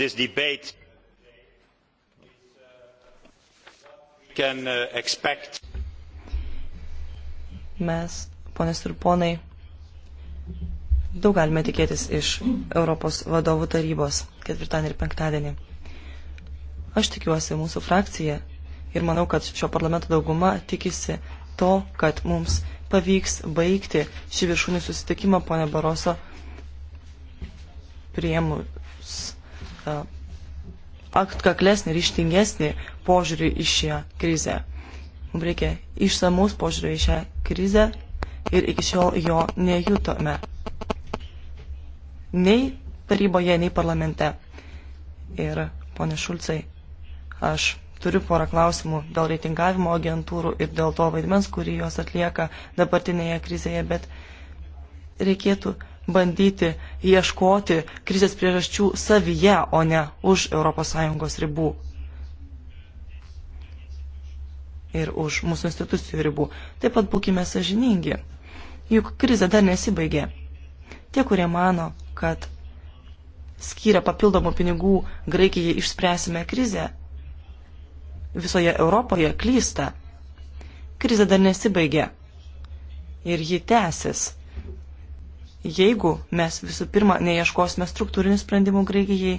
this debate can uh, expect. Mes, ponės ir ponai, daug galime tikėtis iš Europos vadovų tarybos ketvirtadienį ir penktadienį. Aš tikiuosi mūsų frakcija ir manau, kad šio parlamento dauguma tikisi to, kad mums pavyks baigti šį viršūnį susitikimą, ponė Baroso, priemu atkaklesnį, ryštingesnį požiūrį į šią krizę. Mums reikia išsamaus požiūrį į šią krizę ir iki šiol jo nejutome. Nei taryboje, nei parlamente. Ir, ponė Šulcai, aš turiu porą klausimų dėl reitingavimo agentūrų ir dėl to vaidmens, kurį jos atlieka dabartinėje krizėje, bet reikėtų bandyti ieškoti krizės priežasčių savyje, o ne už ES ribų ir už mūsų institucijų ribų. Taip pat būkime sažiningi, juk krizė dar nesibaigė. Tie, kurie mano, kad skiria papildomų pinigų Graikijai išspręsime krizę, visoje Europoje klysta. Krizė dar nesibaigė ir ji tęsis jeigu mes visų pirma neieškosime struktūrinių sprendimų Graikijai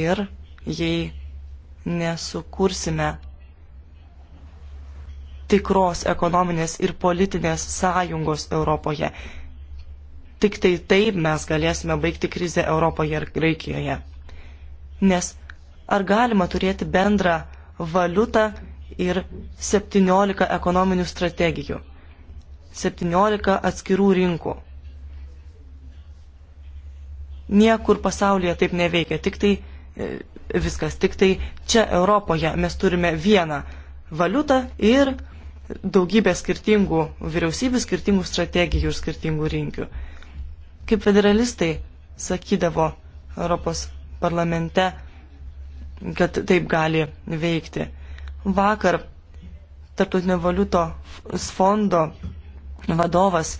ir jei nesukursime tikros ekonominės ir politinės sąjungos Europoje. Tik tai taip mes galėsime baigti krizę Europoje ir Graikijoje. Nes ar galima turėti bendrą valiutą ir 17 ekonominių strategijų? 17 atskirų rinkų. Niekur pasaulyje taip neveikia, tik tai e, viskas, tik tai čia Europoje mes turime vieną valiutą ir daugybę skirtingų vyriausybių, skirtingų strategijų ir skirtingų rinkių. Kaip federalistai sakydavo Europos parlamente, kad taip gali veikti. Vakar Tarptautinio valiutos fondo vadovas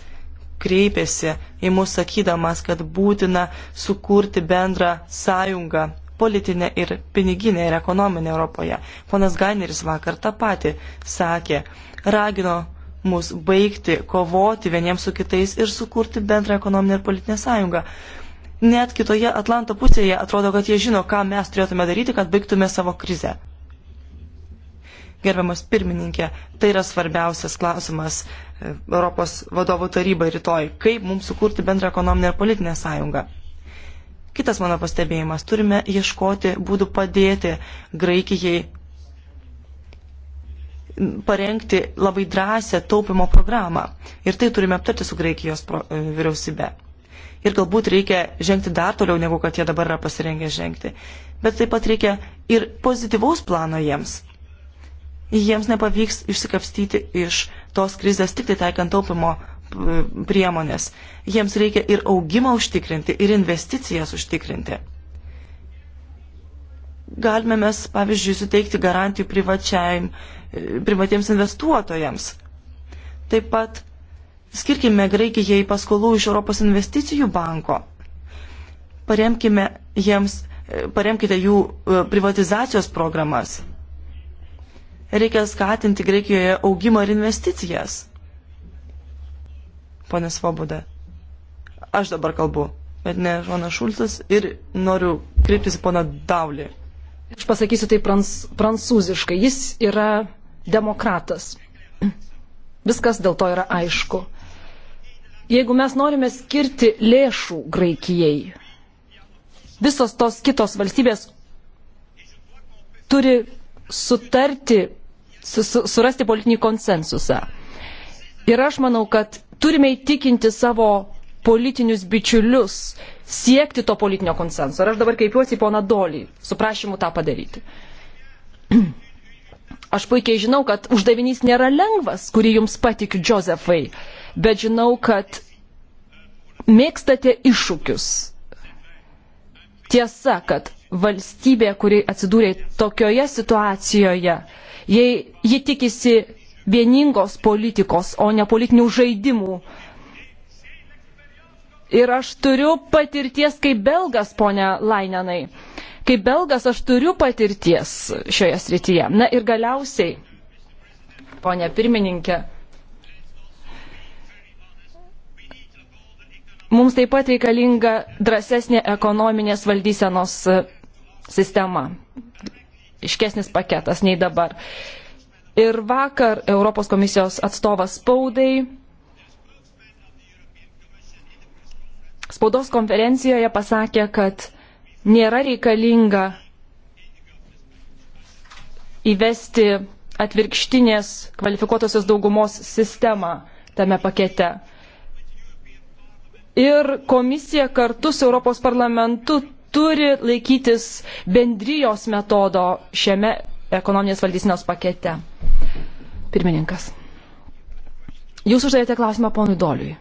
kreipėsi į mus sakydamas, kad būtina sukurti bendrą sąjungą politinę ir piniginę ir ekonominę Europoje. Ponas Gaineris vakar tą patį sakė, ragino mus baigti kovoti vieniems su kitais ir sukurti bendrą ekonominę ir politinę sąjungą. Net kitoje Atlanto pusėje atrodo, kad jie žino, ką mes turėtume daryti, kad baigtume savo krizę gerbiamas pirmininkė, tai yra svarbiausias klausimas e, Europos vadovų tarybai rytoj, kaip mums sukurti bendrą ekonominę ir politinę sąjungą. Kitas mano pastebėjimas, turime ieškoti būdų padėti Graikijai parengti labai drąsią taupimo programą. Ir tai turime aptarti su Graikijos pro, e, vyriausybe. Ir galbūt reikia žengti dar toliau, negu kad jie dabar yra pasirengę žengti. Bet taip pat reikia ir pozityvaus plano jiems jiems nepavyks išsikapstyti iš tos krizės tik tai taikant taupimo e, priemonės. Jiems reikia ir augimą užtikrinti, ir investicijas užtikrinti. Galime mes, pavyzdžiui, suteikti garantijų e, privatiems investuotojams. Taip pat skirkime Graikijai paskolų iš Europos investicijų banko. Paremkime jiems, e, paremkite jų privatizacijos programas reikia skatinti Graikijoje augimą ir investicijas. Pone Svoboda, aš dabar kalbu, bet ne Žonas Šulcas ir noriu kreiptis į poną Daulį. Aš pasakysiu tai prans, prancūziškai. Jis yra demokratas. Viskas dėl to yra aišku. Jeigu mes norime skirti lėšų Graikijai, visos tos kitos valstybės turi sutarti, su, su, surasti politinį konsensusą. Ir aš manau, kad turime įtikinti savo politinius bičiulius siekti to politinio konsenso. Ir aš dabar kreipiuosi į poną Dolį su prašymu tą padaryti. Aš puikiai žinau, kad uždavinys nėra lengvas, kurį jums patikiu, Josefai, bet žinau, kad mėgstate iššūkius. Tiesa, kad valstybė, kuri atsidūrė tokioje situacijoje, jei ji tikisi vieningos politikos, o ne politinių žaidimų. Ir aš turiu patirties kaip belgas, ponia Lainenai. Kaip belgas aš turiu patirties šioje srityje. Na ir galiausiai, ponia pirmininkė, mums taip pat reikalinga drąsesnė ekonominės valdysenos sistema, iškesnis paketas nei dabar. Ir vakar Europos komisijos atstovas spaudai spaudos konferencijoje pasakė, kad nėra reikalinga įvesti atvirkštinės kvalifikuotosios daugumos sistemą tame pakete. Ir komisija kartu su Europos parlamentu turi laikytis bendrijos metodo šiame ekonominės valdysinos pakete. Pirmininkas. Jūs uždavėte klausimą ponui Doliui.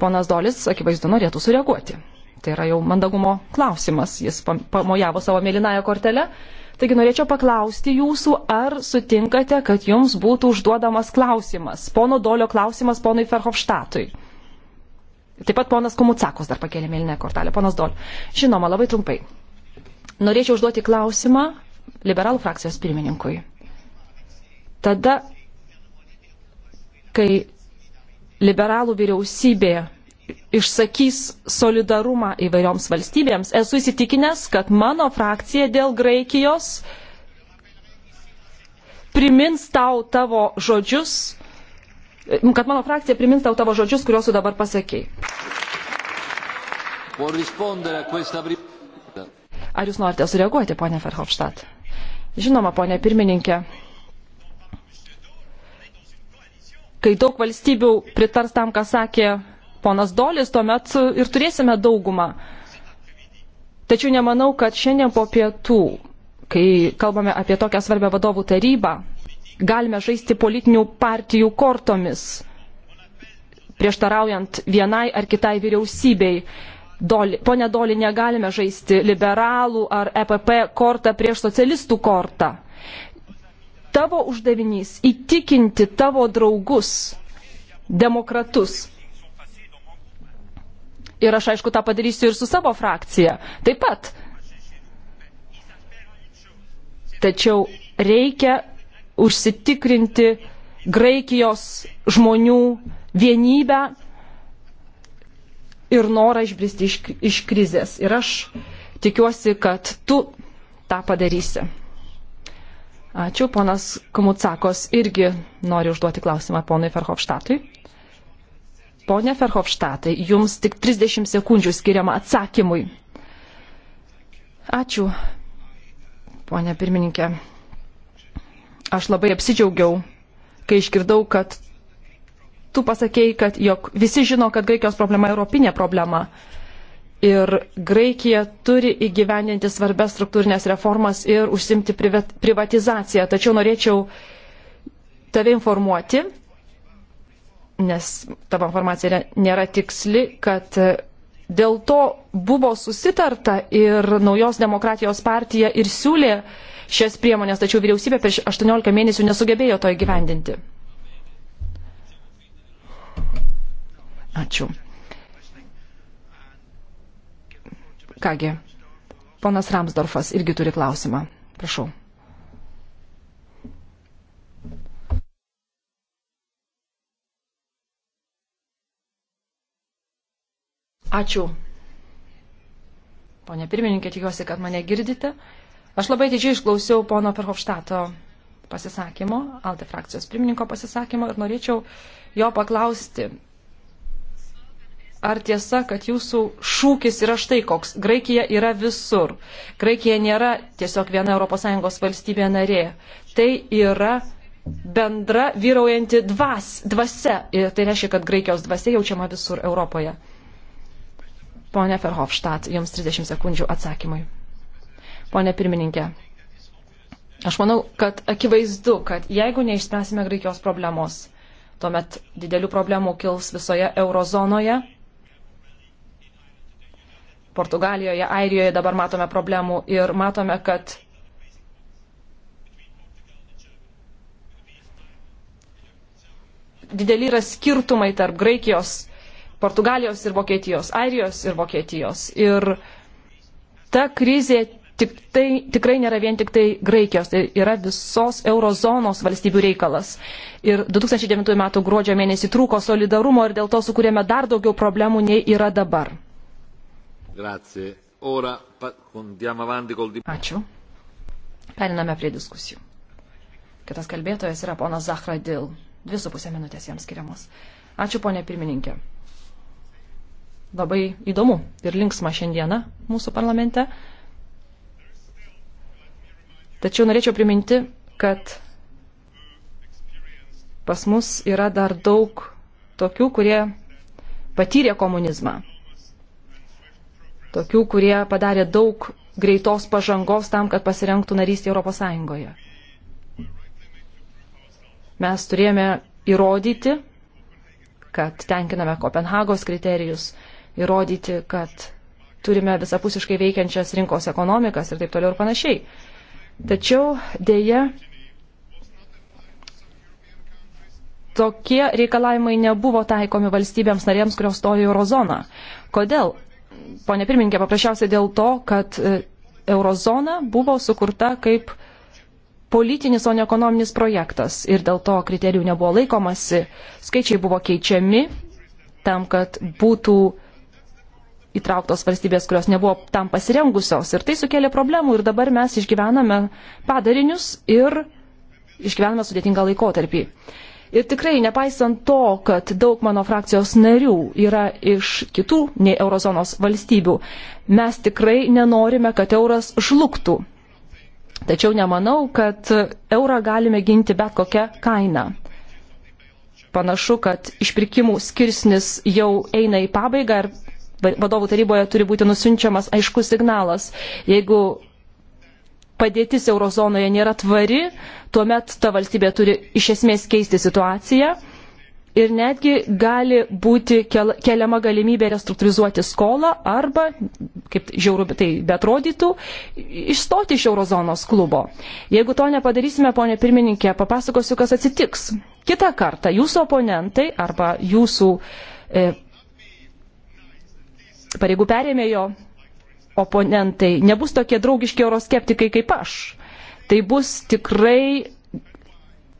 Ponas Dolis, akivaizdu, norėtų sureaguoti. Tai yra jau mandagumo klausimas. Jis pamojavo savo mėlynąją kortelę. Taigi norėčiau paklausti jūsų, ar sutinkate, kad jums būtų užduodamas klausimas, pono Dolio klausimas ponui Ferhofštatui. Taip pat ponas Komucakos dar pakėlė mėlyną kortelę. Ponas Dol. Žinoma, labai trumpai. Norėčiau užduoti klausimą liberalų frakcijos pirmininkui. Tada, kai liberalų vyriausybė išsakys solidarumą įvairioms valstybėms, esu įsitikinęs, kad mano frakcija dėl Graikijos primins tau tavo žodžius E, kad mano frakcija primins tau tavo žodžius, kuriuos tu dabar pasakėjai. Ar jūs norite sureaguoti, ponė Ferhofštat? Žinoma, ponė pirmininkė, kai daug valstybių pritars tam, ką sakė ponas Dolis, tuomet ir turėsime daugumą. Tačiau nemanau, kad šiandien po pietų, kai kalbame apie tokią svarbę vadovų tarybą, galime žaisti politinių partijų kortomis, prieštaraujant vienai ar kitai vyriausybei. Doli, pone Doli, negalime žaisti liberalų ar EPP kortą prieš socialistų kortą. Tavo uždavinys įtikinti tavo draugus, demokratus. Ir aš aišku tą padarysiu ir su savo frakcija. Taip pat. Tačiau reikia užsitikrinti Graikijos žmonių vienybę ir norą išbristi iš, iš krizės. Ir aš tikiuosi, kad tu tą padarysi. Ačiū, ponas Komutsakos irgi nori užduoti klausimą ponui Ferhofštatui. Pone Ferhofštatai, jums tik 30 sekundžių skiriama atsakymui. Ačiū, ponė pirmininkė aš labai apsidžiaugiau, kai išgirdau, kad tu pasakėjai, kad jog visi žino, kad Graikijos problema europinė problema. Ir Graikija turi įgyvendinti svarbes struktūrinės reformas ir užsimti privatizaciją. Tačiau norėčiau tave informuoti, nes tavo informacija nėra tiksli, kad e, dėl to buvo susitarta ir naujos demokratijos partija ir siūlė uh, šias priemonės, tačiau vyriausybė per 18 mėnesių nesugebėjo to įgyvendinti. Ačiū. Kągi, ponas Ramsdorfas irgi turi klausimą. Prašau. Ačiū. Pone pirmininkė, tikiuosi, kad mane girdite. Aš labai didžiai išklausiau pono Perhofštato pasisakymo, Alde frakcijos pirmininko pasisakymo ir norėčiau jo paklausti, ar tiesa, kad jūsų šūkis yra štai koks. Graikija yra visur. Graikija nėra tiesiog viena ES valstybė narė. Tai yra bendra vyraujanti dvas, dvasia. Ir tai reiškia, kad Graikijos dvasia jaučiama visur Europoje. Pone Ferhofštat, jums 30 sekundžių atsakymui ponė pirmininkė. Aš manau, kad akivaizdu, kad jeigu neišspręsime Graikijos problemos, tuomet didelių problemų kils visoje eurozonoje. Portugalijoje, Airijoje dabar matome problemų ir matome, kad dideli yra skirtumai tarp Graikijos, Portugalijos ir Vokietijos, Airijos ir Vokietijos. Ir ta krizė tik tai, tikrai nėra vien tik tai Graikijos, tai yra visos eurozonos valstybių reikalas. Ir 2009 m. gruodžio mėnesį trūko solidarumo ir dėl to sukūrėme dar daugiau problemų nei yra dabar. Ora, Ačiū. Periname prie diskusijų. Kitas kalbėtojas yra ponas Zahradil. Dvi su pusė minutės jam skiriamos. Ačiū, ponė pirmininkė. Labai įdomu ir linksma šiandiena mūsų parlamente. Tačiau norėčiau priminti, kad pas mus yra dar daug tokių, kurie patyrė komunizmą. Tokių, kurie padarė daug greitos pažangos tam, kad pasirengtų narystį Europos Sąjungoje. Mes turėjome įrodyti, kad tenkiname Kopenhagos kriterijus, įrodyti, kad turime visapusiškai veikiančias rinkos ekonomikas ir taip toliau ir panašiai. Tačiau dėja tokie reikalavimai nebuvo taikomi valstybėms narėms, kurios stojo į eurozoną. Kodėl? Pone pirmininkė, paprasčiausiai dėl to, kad e, eurozona buvo sukurta kaip politinis, o ne ekonominis projektas ir dėl to kriterijų nebuvo laikomasi, skaičiai buvo keičiami tam, kad būtų uh, įtrauktos valstybės, kurios nebuvo tam pasirengusios. Ir tai sukėlė problemų ir dabar mes išgyvename padarinius ir išgyvename sudėtingą laikotarpį. Ir tikrai, nepaisant to, kad daug mano frakcijos narių yra iš kitų nei eurozonos valstybių, mes tikrai nenorime, kad euras žlugtų. Tačiau nemanau, kad eurą galime ginti bet kokią kainą. Panašu, kad išpirkimų skirsnis jau eina į pabaigą ir vadovų taryboje turi būti nusinčiamas aiškus signalas. Jeigu padėtis eurozonoje nėra tvari, tuomet ta valstybė turi iš esmės keisti situaciją ir netgi gali būti keliama galimybė restruktūrizuoti skolą arba, kaip žiauru tai betrodytų, išstoti iš eurozonos klubo. Jeigu to nepadarysime, ponė pirmininkė, papasakosiu, kas atsitiks. Kita kartą jūsų oponentai arba jūsų e, pareigų perėmėjo oponentai nebus tokie draugiški euroskeptikai kaip aš. Tai bus tikrai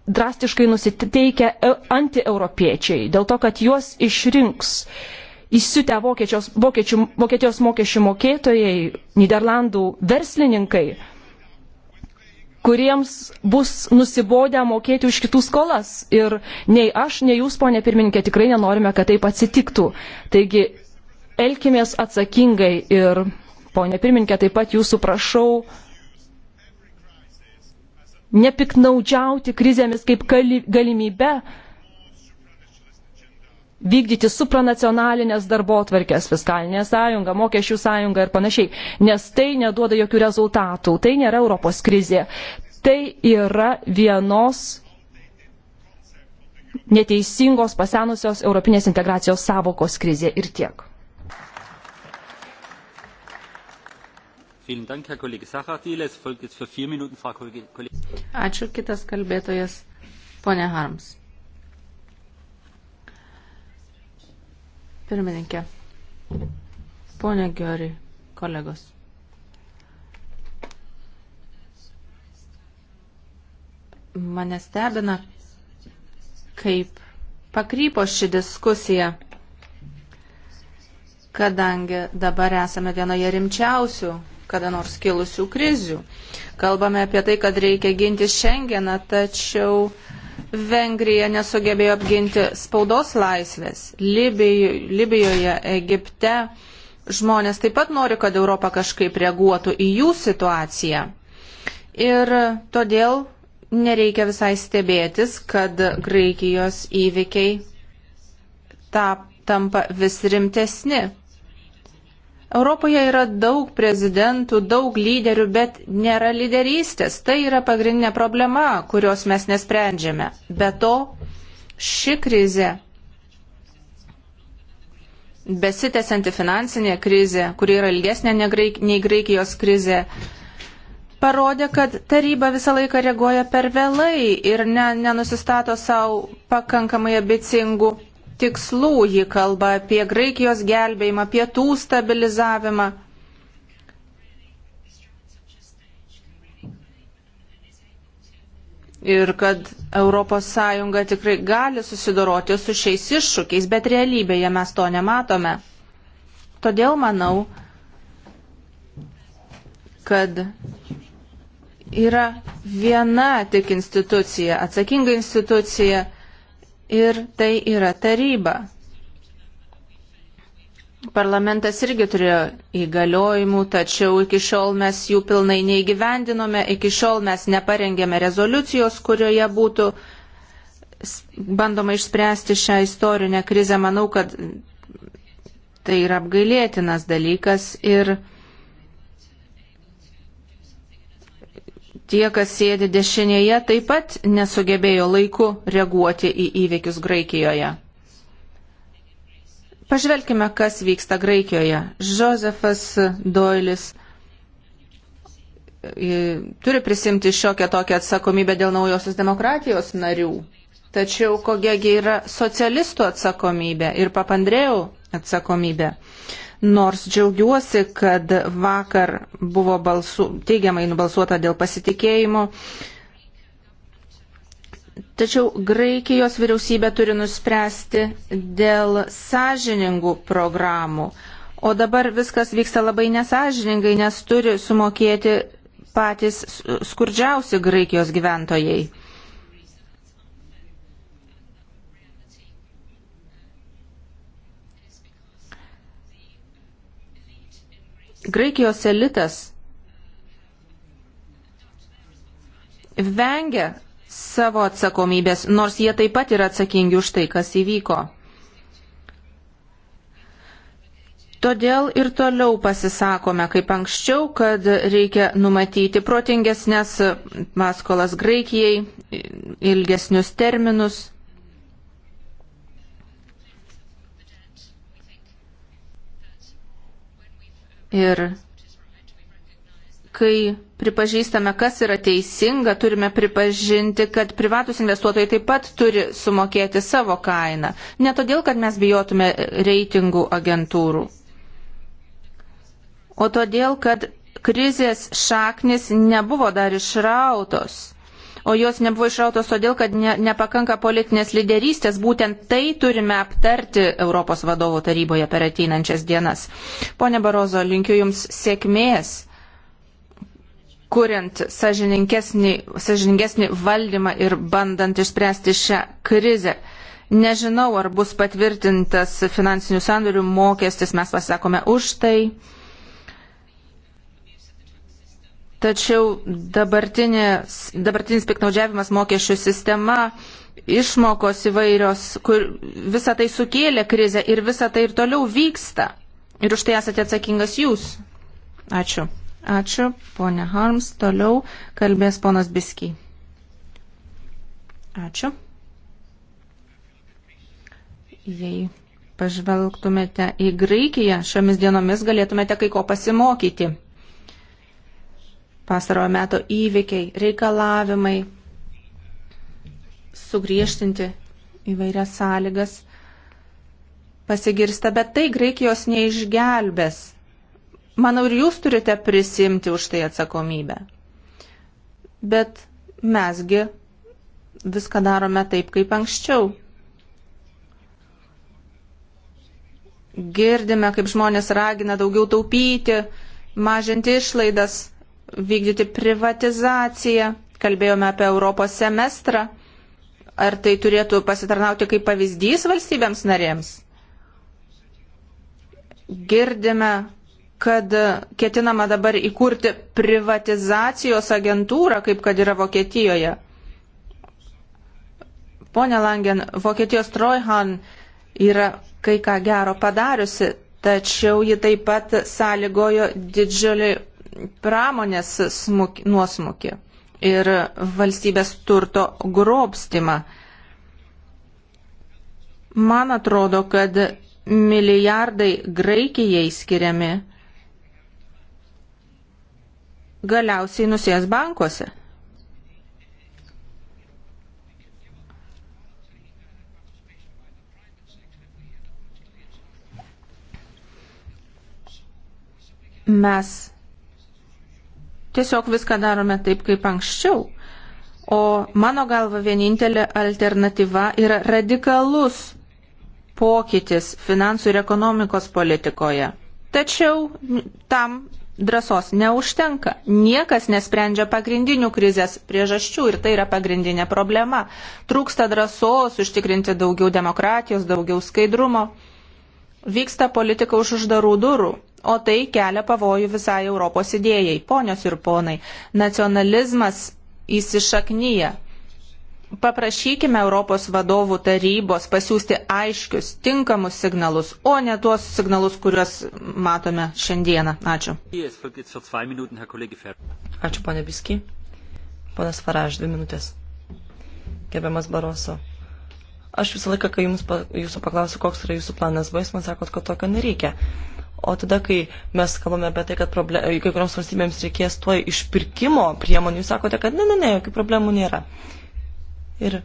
drastiškai nusiteikę e, antieuropiečiai, dėl to, kad juos išrinks įsiutę vokiečios, vokiečių, Vokietijos mokesčių mokėtojai, Niderlandų verslininkai, kuriems bus nusibodę mokėti už kitų skolas. Ir nei aš, nei jūs, ponė pirmininkė, tikrai nenorime, kad taip atsitiktų. Taigi elkimės atsakingai ir, ponė pirmininkė, taip pat jūsų prašau nepiknaudžiauti krizėmis kaip galimybe vykdyti supranacionalinės darbo atvarkės, fiskalinė sąjunga, mokesčių sąjunga ir panašiai, nes tai neduoda jokių rezultatų, tai nėra Europos krizė, tai yra vienos neteisingos pasenusios europinės integracijos savokos krizė ir tiek. Ačiū kitas kalbėtojas, ponė Harms. Pirmininkė, ponė Giori, kolegos. Mane stebina, kaip pakrypo ši diskusija kadangi dabar esame vienoje rimčiausių kada nors kilusių krizių. Kalbame apie tai, kad reikia ginti Šengeną, tačiau Vengrija nesugebėjo apginti spaudos laisvės. Libijo, Libijoje, Egipte žmonės taip pat nori, kad Europa kažkaip reaguotų į jų situaciją. Ir todėl nereikia visai stebėtis, kad Graikijos įvykiai tap, tampa vis rimtesni. Europoje yra daug prezidentų, daug lyderių, bet nėra lyderystės. Tai yra pagrindinė problema, kurios mes nesprendžiame. Be to, ši krizė, besitęsianti finansinė krizė, kuri yra ilgesnė nei Graikijos krizė, parodė, kad taryba visą laiką reaguoja per vėlai ir ne, nenusistato savo pakankamai abicingų tikslų. Ji kalba apie Graikijos gelbėjimą, pietų stabilizavimą. Ir kad ES tikrai gali susidoroti su šiais iššūkiais, bet realybėje mes to nematome. Todėl manau, kad yra viena tik institucija, atsakinga institucija ir tai yra taryba. Parlamentas irgi turėjo įgaliojimų, tačiau iki šiol mes jų pilnai neįgyvendinome, iki šiol mes neparengėme rezoliucijos, kurioje būtų bandoma išspręsti šią istorinę krizę. Manau, kad tai yra apgailėtinas dalykas ir Tie, kas sėdi dešinėje, taip pat nesugebėjo laiku reaguoti į įvykius Graikijoje. Pažvelkime, kas vyksta Graikijoje. Josefas Doilis e, turi prisimti šiokią tokią atsakomybę dėl naujosios demokratijos narių. Tačiau kokiagi yra socialistų atsakomybė ir papandrėjų atsakomybė. Nors džiaugiuosi, kad vakar buvo balsu, teigiamai nubalsuota dėl pasitikėjimo, tačiau Graikijos vyriausybė turi nuspręsti dėl sąžiningų programų. O dabar viskas vyksta labai nesažiningai, nes turi sumokėti patys skurdžiausi Graikijos gyventojai. Graikijos elitas vengia savo atsakomybės, nors jie taip pat yra atsakingi už tai, kas įvyko. Todėl ir toliau pasisakome, kaip anksčiau, kad reikia numatyti protingesnės paskolas Graikijai, ilgesnius terminus. Ir kai pripažįstame, kas yra teisinga, turime pripažinti, kad privatus investuotojai taip pat turi sumokėti savo kainą. Ne todėl, kad mes bijotume reitingų agentūrų, o todėl, kad krizės šaknis nebuvo dar išrautos o jos nebuvo išrautos todėl, kad ne, nepakanka politinės lyderystės. Būtent tai turime aptarti Europos vadovų taryboje per ateinančias dienas. Pone Barozo, linkiu Jums sėkmės kuriant sažiningesnį, sažiningesnį valdymą ir bandant išspręsti šią krizę. Nežinau, ar bus patvirtintas finansinių sandorių mokestis, mes pasakome už tai. Tačiau dabartinis piknaudžiavimas mokesčių sistema, išmokos įvairios, kur visa tai sukėlė krizę ir visa tai ir toliau vyksta. Ir už tai esate atsakingas jūs. Ačiū. Ačiū, ponė Harms. Toliau kalbės ponas Biskiai. Ačiū. Jei pažvelgtumėte į Graikiją, šiomis dienomis galėtumėte kai ko pasimokyti pastarojo meto įvykiai, reikalavimai sugriežtinti įvairias sąlygas pasigirsta, bet tai Graikijos neišgelbės. Manau, ir jūs turite prisimti už tai atsakomybę. Bet mesgi viską darome taip, kaip anksčiau. Girdime, kaip žmonės ragina daugiau taupyti, mažinti išlaidas vykdyti privatizaciją, kalbėjome apie Europos semestrą. Ar tai turėtų pasitarnauti kaip pavyzdys valstybėms narėms? Girdime, kad ketinama dabar įkurti privatizacijos agentūrą, kaip kad yra Vokietijoje. Pone Langen, Vokietijos Trojhan yra kai ką gero padariusi, tačiau ji taip pat sąlygojo didžiulį pramonės smuk, nuosmukį ir valstybės turto grobstimą. Man atrodo, kad milijardai Graikijai skiriami galiausiai nusės bankuose. mes tiesiog viską darome taip, kaip anksčiau. O mano galva vienintelė alternatyva yra radikalus pokytis finansų ir ekonomikos politikoje. Tačiau tam drąsos neužtenka. Niekas nesprendžia pagrindinių krizės priežasčių ir tai yra pagrindinė problema. Trūksta drąsos užtikrinti daugiau demokratijos, daugiau skaidrumo. Vyksta politika už uždarų durų o tai kelia pavojų visai Europos idėjai. Ponios ir ponai, nacionalizmas įsišaknyja. Paprašykime Europos vadovų tarybos pasiūsti aiškius, tinkamus signalus, o ne tuos signalus, kuriuos matome šiandieną. Ačiū. Ačiū, ponė Biski. Ponas Faraž, dvi minutės. Gerbiamas Baroso aš visą laiką, kai jums, jūsų paklausiu, koks yra jūsų planas B, jūs man sakot, kad tokio nereikia o tada, kai mes kalbame apie tai, kad problem, e, kai kurioms valstybėms reikės tuo išpirkimo priemonių, jūs sakote, kad ne, ne, ne, jokių problemų nėra. Ir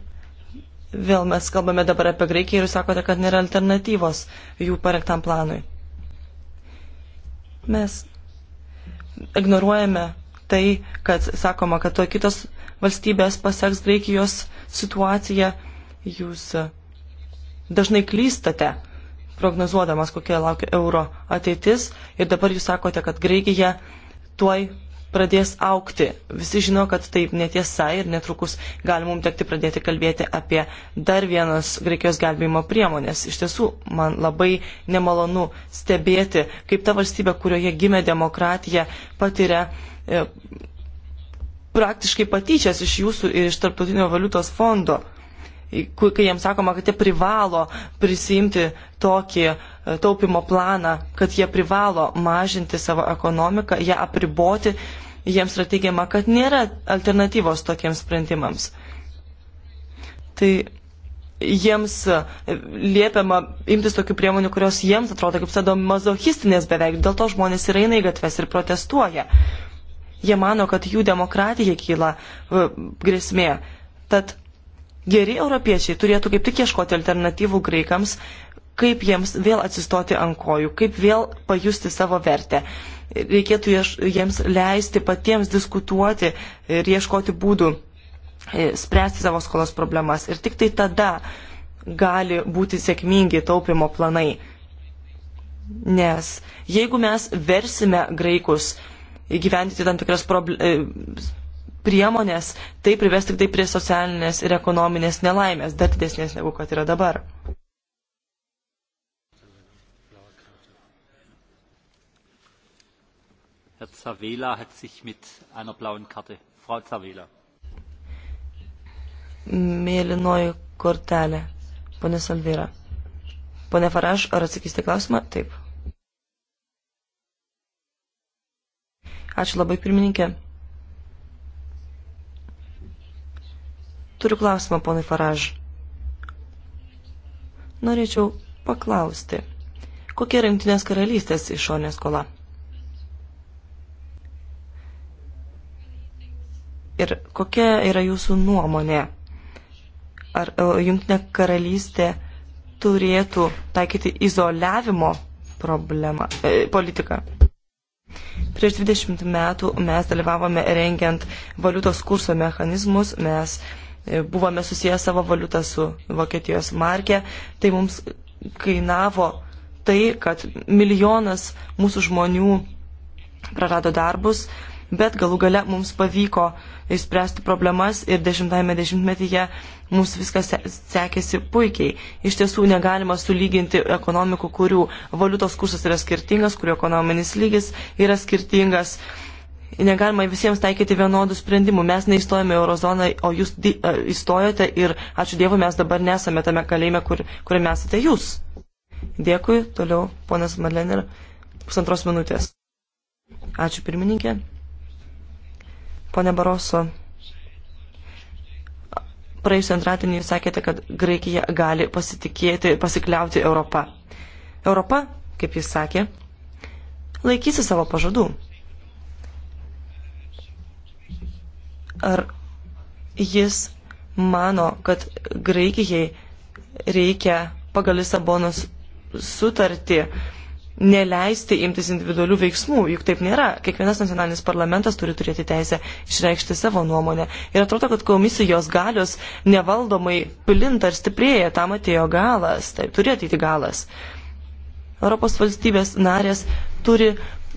vėl mes kalbame dabar apie Graikiją ir jūs sakote, kad nėra alternatyvos jų parengtam planui. Mes ignoruojame tai, kad sakoma, kad to kitos valstybės paseks Graikijos situaciją, jūs dažnai klystate prognozuodamas, kokia laukia euro ateitis. Ir dabar jūs sakote, kad Graikija tuoj pradės aukti. Visi žino, kad taip netiesa ir netrukus gali mums tekti pradėti kalbėti apie dar vienas Graikijos gelbėjimo priemonės. Iš tiesų, man labai nemalonu stebėti, kaip ta valstybė, kurioje gimė demokratija, patiria e, praktiškai patyčias iš jūsų ir iš Tarptautinio valiutos fondo kai jiems sakoma, kad jie privalo prisimti tokį e, taupimo planą, kad jie privalo mažinti savo ekonomiką, ją apriboti, jiems yra teigiama, kad nėra alternatyvos tokiems sprendimams. Tai jiems e, liepiama imtis tokių priemonių, kurios jiems atrodo kaip sado mazochistinės beveik, dėl to žmonės ir eina į gatves ir protestuoja. Jie mano, kad jų demokratija kyla e, grėsmė. Tad Geri europiečiai turėtų kaip tik ieškoti alternatyvų graikams, kaip jiems vėl atsistoti ant kojų, kaip vėl pajusti savo vertę. Reikėtų jiems leisti patiems diskutuoti ir ieškoti būdų e, spręsti savo skolos problemas. Ir tik tai tada gali būti sėkmingi taupimo planai. Nes jeigu mes versime graikus įgyvendyti tam tikras proble e, priemonės tai prives tik tai prie socialinės ir ekonominės nelaimės, dar didesnės negu kad yra dabar. Herr Zavela hat sich mit einer blauen Karte. Frau Zavela. Mėlynoji kortelė. Pone Salvira. Pone Faraž, ar atsakysite klausimą? Taip. Ačiū labai, pirmininkė. Turiu klausimą, ponai Faraž. Norėčiau paklausti, kokia yra Junktinės karalystės išonė skola? Ir kokia yra jūsų nuomonė? Ar e, Junktinė karalystė turėtų taikyti izoliavimo problemą, e, politiką? Prieš 20 metų mes dalyvavome rengiant valiutos kurso mechanizmus, mes E, buvome susiję savo valiutą su Vokietijos markė, tai mums kainavo tai, kad milijonas mūsų žmonių prarado darbus, bet galų gale mums pavyko išspręsti problemas ir dešimtajame dešimtmetyje mums viskas sekėsi puikiai. Iš tiesų negalima sulyginti ekonomikų, kurių valiutos kursas yra skirtingas, kurių ekonominis lygis yra skirtingas. Uh, negalima visiems taikyti vienodų sprendimų. Mes neįstojame eurozoną, o jūs di, a, e, įstojote ir, ačiū Dievui, mes dabar nesame tame kalėjime, kur, kuriame esate jūs. Dėkui, toliau ponas Marlener, pusantros minutės. Ačiū pirmininkė. Pone Baroso, praėjusį antradienį jūs sakėte, kad Graikija gali pasitikėti, pasikliauti Europą. Europa, kaip jis sakė, laikysi savo pažadų. Ar jis mano, kad Graikijai reikia pagal Lisabonos sutartį neleisti imtis individualių veiksmų, juk taip nėra. Kiekvienas nacionalinis parlamentas turi turėti teisę išreikšti savo nuomonę. Ir atrodo, kad komisijos galios nevaldomai plinta ir stiprėja, tam atėjo galas, taip turi ateiti galas. Europos valstybės narės turi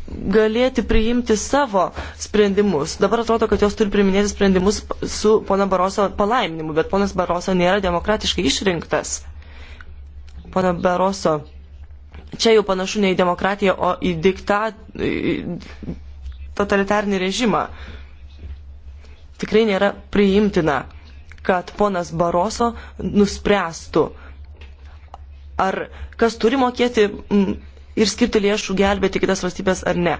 galėti priimti savo sprendimus. Dabar atrodo, kad jos turi priminėti sprendimus su pono Baroso palaiminimu, bet ponas Baroso nėra demokratiškai išrinktas. Pono Baroso, čia jau panašu ne į demokratiją, o į diktat, totalitarnį režimą. Tikrai nėra priimtina, kad ponas Baroso nuspręstų, ar kas turi mokėti. M, ir skirti lėšų gelbėti kitas valstybės ar ne.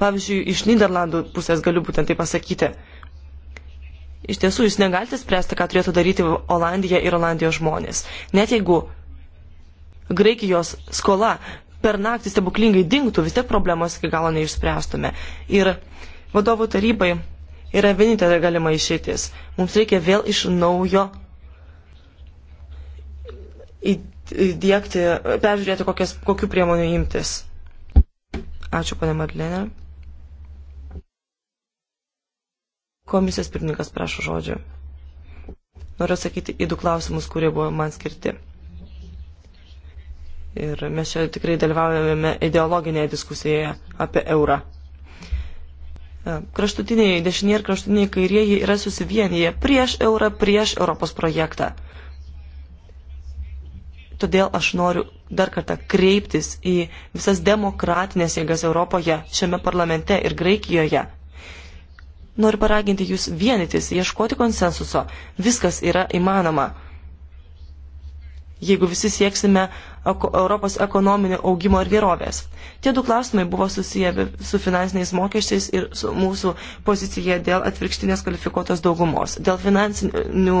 Pavyzdžiui, iš Niderlandų pusės galiu būtent tai pasakyti. Iš tiesų, jūs negalite spręsti, ką turėtų daryti Olandija ir Olandijos žmonės. Net jeigu Graikijos skola per naktį stebuklingai dingtų, vis tiek problemos iki galo neišspręstume. Ir vadovų tarybai yra vienintelė galima išeitis. Mums reikia vėl iš naujo dėkti, peržiūrėti, kokias, kokių priemonių imtis. Ačiū, ponė Madlenė. Komisijos pirmininkas prašo žodžio. Noriu atsakyti į du klausimus, kurie buvo man skirti. Ir mes čia tikrai dalyvaujame ideologinėje diskusijoje apie eurą. E, kraštutiniai dešiniai ir kraštutiniai kairieji yra susivienyje prieš eurą, prieš Europos projektą. Todėl aš noriu dar kartą kreiptis į visas demokratinės jėgas Europoje, šiame parlamente ir Graikijoje. Noriu paraginti jūs vienytis, ieškoti konsensuso. Viskas yra įmanoma. Jeigu visi sieksime Europos ekonominio augimo ir gerovės. Tie du klausimai buvo susiję su finansiniais mokesčiais ir su mūsų pozicija dėl atvirkštinės kvalifikuotos daugumos, dėl finansinių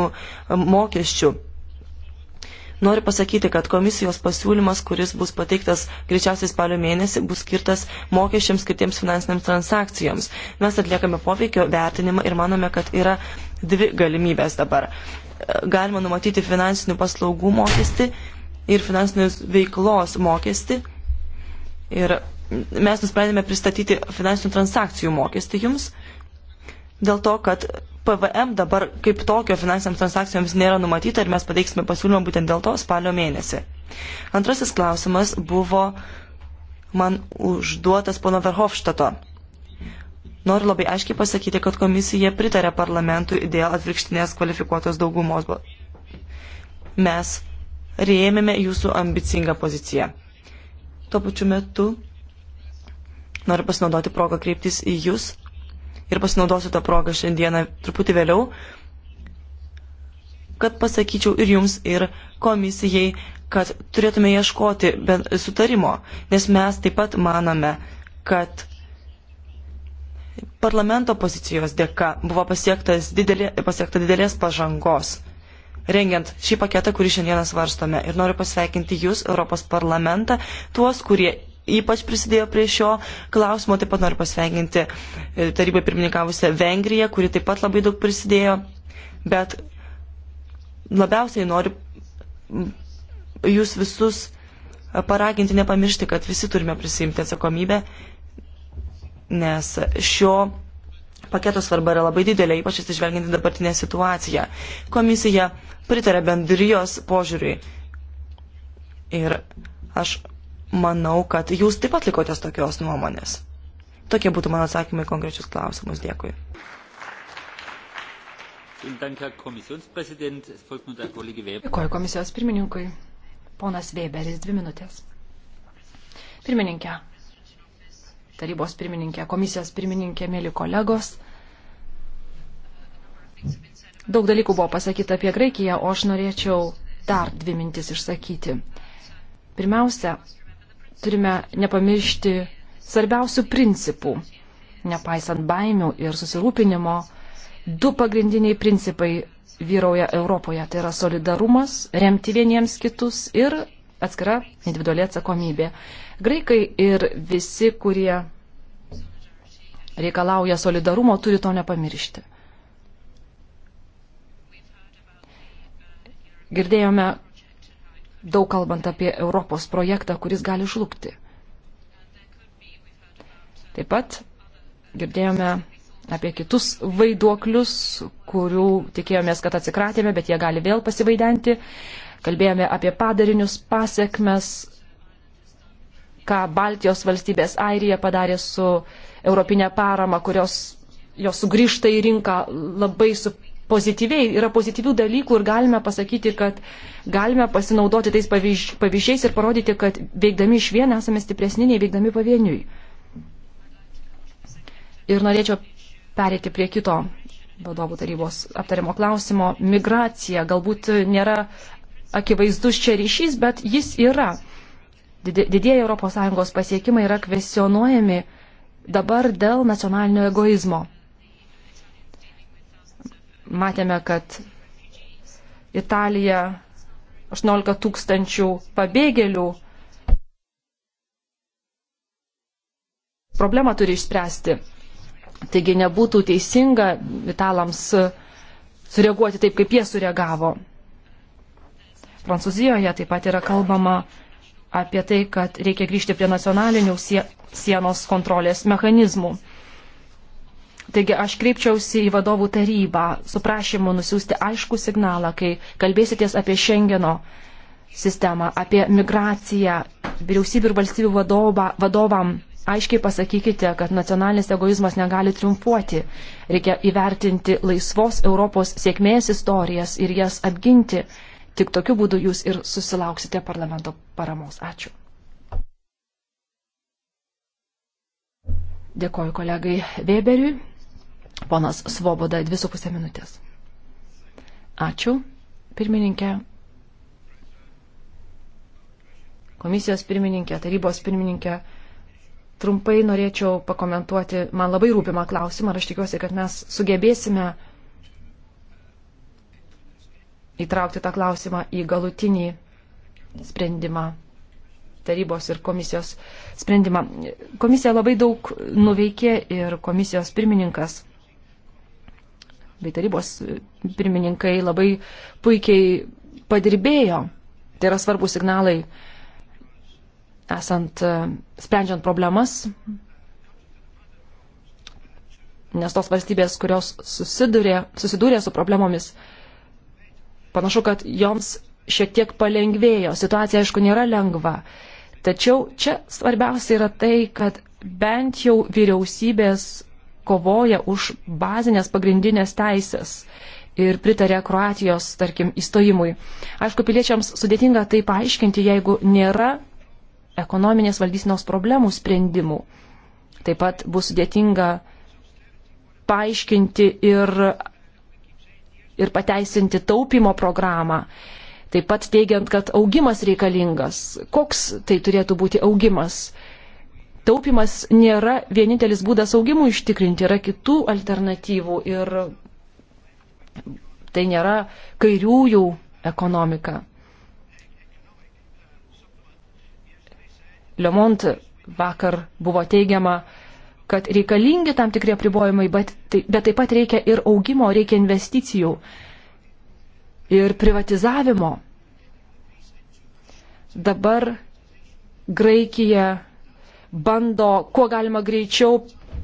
mokesčių Noriu pasakyti, kad komisijos pasiūlymas, kuris bus pateiktas greičiausiai spalio mėnesį, bus skirtas mokesčiams skirtiems finansiniams transakcijoms. Mes atliekame poveikio vertinimą ir manome, kad yra dvi galimybės dabar. Galima numatyti finansinių paslaugų mokestį ir finansinius veiklos mokestį. Ir mes nusprendėme pristatyti finansinių transakcijų mokestį jums dėl to, kad PVM dabar kaip tokio finansiams transakcijoms nėra numatyta ir mes pateiksime pasiūlymą būtent dėl to spalio mėnesį. Antrasis klausimas buvo man užduotas pono Verhofštato. Noriu labai aiškiai pasakyti, kad komisija pritarė parlamentui dėl atvirkštinės kvalifikuotos daugumos. Mes rėmėme jūsų ambicingą poziciją. Tuo pačiu metu noriu pasinaudoti progą kreiptis į jūs ir pasinaudosiu tą progą šiandieną truputį vėliau, kad pasakyčiau ir jums, ir komisijai, kad turėtume ieškoti sutarimo, nes mes taip pat manome, kad parlamento pozicijos dėka buvo didelė, pasiekta didelės pažangos, rengiant šį paketą, kurį šiandieną svarstome. Ir noriu pasveikinti Jūs, Europos parlamentą, tuos, kurie ypač prisidėjo prie šio klausimo. Taip pat noriu pasveikinti e, tarybai pirmininkavusią Vengriją, kuri taip pat labai daug prisidėjo. Bet labiausiai noriu jūs visus e, paraginti nepamiršti, kad visi turime prisimti atsakomybę, nes šio paketo svarba yra labai didelė, ypač atsižvelgiant į dabartinę situaciją. Komisija pritarė bendrijos požiūriui. Ir aš manau, kad jūs taip pat likotės tokios nuomonės. Tokie būtų mano atsakymai konkrečius klausimus. Dėkui. Dėkuoju komisijos pirmininkui. Ponas Weberis, dvi minutės. Pirmininkė, tarybos pirmininkė, komisijos pirmininkė, mėly kolegos. Daug dalykų buvo pasakyta apie Graikiją, o aš norėčiau dar dvi mintis išsakyti. Pirmiausia, turime nepamiršti svarbiausių principų. Nepaisant baimių ir susirūpinimo, du pagrindiniai principai vyrauja Europoje. Tai yra solidarumas, remti vieniems kitus ir atskira individuali atsakomybė. Graikai ir visi, kurie reikalauja solidarumo, turi to nepamiršti. Girdėjome, daug kalbant apie Europos projektą, kuris gali žlugti. Taip pat girdėjome apie kitus vaiduoklius, kurių tikėjomės, kad atsikratėme, bet jie gali vėl pasivaidenti. Kalbėjome apie padarinius, pasiekmes, ką Baltijos valstybės Airija padarė su Europinė parama, kurios jos sugrįžta į rinką labai su pozityviai, yra pozityvių dalykų ir galime pasakyti, kad galime pasinaudoti tais pavyzdžiais ir parodyti, kad veikdami iš vien esame stipresni nei veikdami pavieniui. Ir norėčiau perėti prie kito vadovų tarybos aptariamo klausimo. Migracija galbūt nėra akivaizdus čia ryšys, bet jis yra. Didieji ES pasiekimai yra kvesionuojami dabar dėl nacionalinio egoizmo matėme, kad Italija 18 tūkstančių pabėgėlių problemą turi išspręsti. Taigi nebūtų teisinga italams sureaguoti taip, kaip jie sureagavo. Prancūzijoje taip pat yra kalbama apie tai, kad reikia grįžti prie nacionalinių sienos kontrolės mechanizmų. Taigi aš kreipčiausi į vadovų tarybą su prašymu nusiųsti aišku signalą, kai kalbėsitės apie Šengeno sistemą, apie migraciją, vyriausybių ir valstybių vadovą, vadovam. Aiškiai pasakykite, kad nacionalinis egoizmas negali triumfuoti. Reikia įvertinti laisvos Europos sėkmės istorijas ir jas apginti. Tik tokiu būdu jūs ir susilauksite parlamento paramos. Ačiū. Dėkoju kolegai Weberiui. Ponas Svoboda, dvi su pusė minutės. Ačiū, pirmininkė. Komisijos pirmininkė, tarybos pirmininkė. Trumpai norėčiau pakomentuoti man labai rūpimą klausimą ir aš tikiuosi, kad mes sugebėsime įtraukti tą klausimą į galutinį sprendimą tarybos ir komisijos sprendimą. Komisija labai daug nuveikė ir komisijos pirmininkas bei tarybos pirmininkai labai puikiai padirbėjo. Tai yra svarbus signalai, esant, e, sprendžiant problemas, nes tos valstybės, kurios susidūrė, susidūrė su problemomis, panašu, kad joms šiek tiek palengvėjo. Situacija, aišku, nėra lengva. Tačiau čia svarbiausia yra tai, kad bent jau vyriausybės kovoja už bazinės pagrindinės teisės ir pritarė Kroatijos, tarkim, įstojimui. Aišku, piliečiams sudėtinga tai paaiškinti, jeigu nėra ekonominės valdysinos problemų sprendimų. Taip pat bus sudėtinga paaiškinti ir, ir pateisinti taupimo programą. Taip pat teigiant, kad augimas reikalingas. Koks tai turėtų būti augimas? taupimas nėra vienintelis būdas augimui ištikrinti, yra kitų alternatyvų ir tai nėra kairiųjų ekonomika. Le Monde vakar buvo teigiama, kad reikalingi tam tikrie apribojimai, bet, tai, bet taip pat reikia ir augimo, reikia investicijų ir privatizavimo. Dabar Graikija bando kuo galima greičiau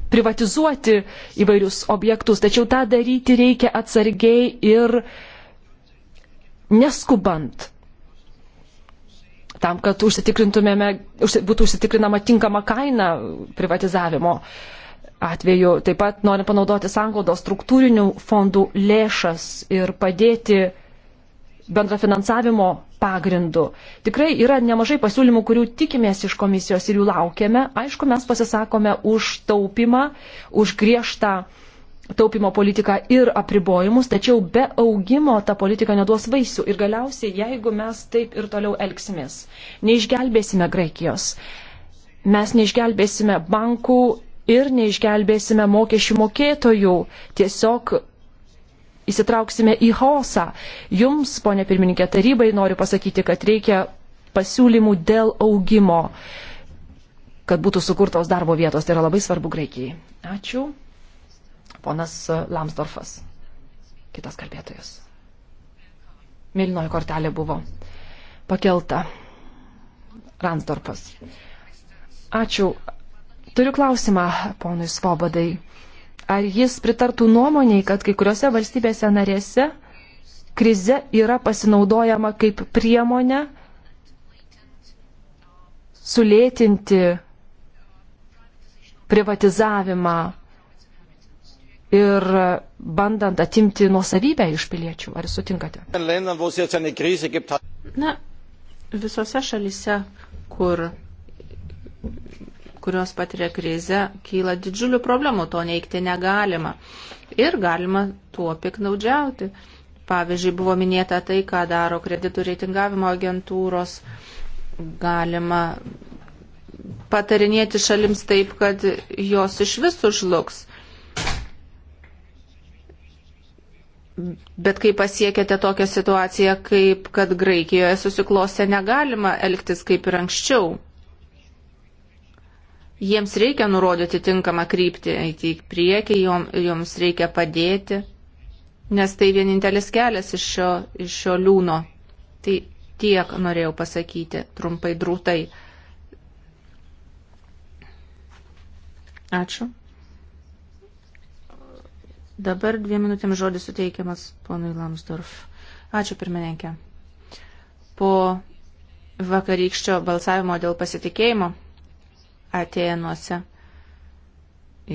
privatizuoti įvairius objektus, tačiau tą daryti reikia atsargiai ir neskubant, tam, kad užsitikrintumėme, būtų užsitikrinama tinkama kaina privatizavimo atveju. Taip pat noriu panaudoti sanglaudos struktūrinių fondų lėšas ir padėti bendrafinansavimo pagrindu. Tikrai yra nemažai pasiūlymų, kurių tikimės iš komisijos ir jų laukiame. Aišku, mes pasisakome už taupimą, už griežtą taupimo politiką ir apribojimus, tačiau be augimo ta politika neduos vaisių. Ir galiausiai, jeigu mes taip ir toliau elgsimės, neišgelbėsime Graikijos, mes neišgelbėsime bankų ir neišgelbėsime mokesčių mokėtojų. Tiesiog įsitrauksime į chaosą. Jums, ponė pirmininkė tarybai, noriu pasakyti, kad reikia pasiūlymų dėl augimo, kad būtų sukurtos darbo vietos. Tai yra labai svarbu Graikijai. Ačiū. Ponas Lamsdorfas, kitas kalbėtojas. Mėlynoji kortelė buvo pakelta. Ransdorfas. Ačiū. Turiu klausimą ponui Svobodai ar jis pritartų nuomoniai, kad kai kuriuose valstybėse narėse krize yra pasinaudojama kaip priemonė sulėtinti privatizavimą ir bandant atimti nuosavybę iš piliečių. Ar sutinkate? Na, visose šalise, kur kurios patiria krizę, kyla didžiulių problemų, to neikti negalima. Ir galima tuo piknaudžiauti. Pavyzdžiui, buvo minėta tai, ką daro kreditų reitingavimo agentūros. Galima patarinėti šalims taip, kad jos iš visų žlugs. Bet kai pasiekėte tokią situaciją, kaip kad Graikijoje susiklostė, negalima elgtis kaip ir anksčiau. Jiems reikia nurodyti tinkamą kryptį, eiti į priekį, joms reikia padėti, nes tai vienintelis kelias iš šio, iš šio liūno. Tai tiek norėjau pasakyti trumpai drūtai. Ačiū. Dabar dviem minutėm žodis suteikiamas ponui Lamsdorf. Ačiū pirmininkė. Po vakarykščio balsavimo dėl pasitikėjimo Atėnuose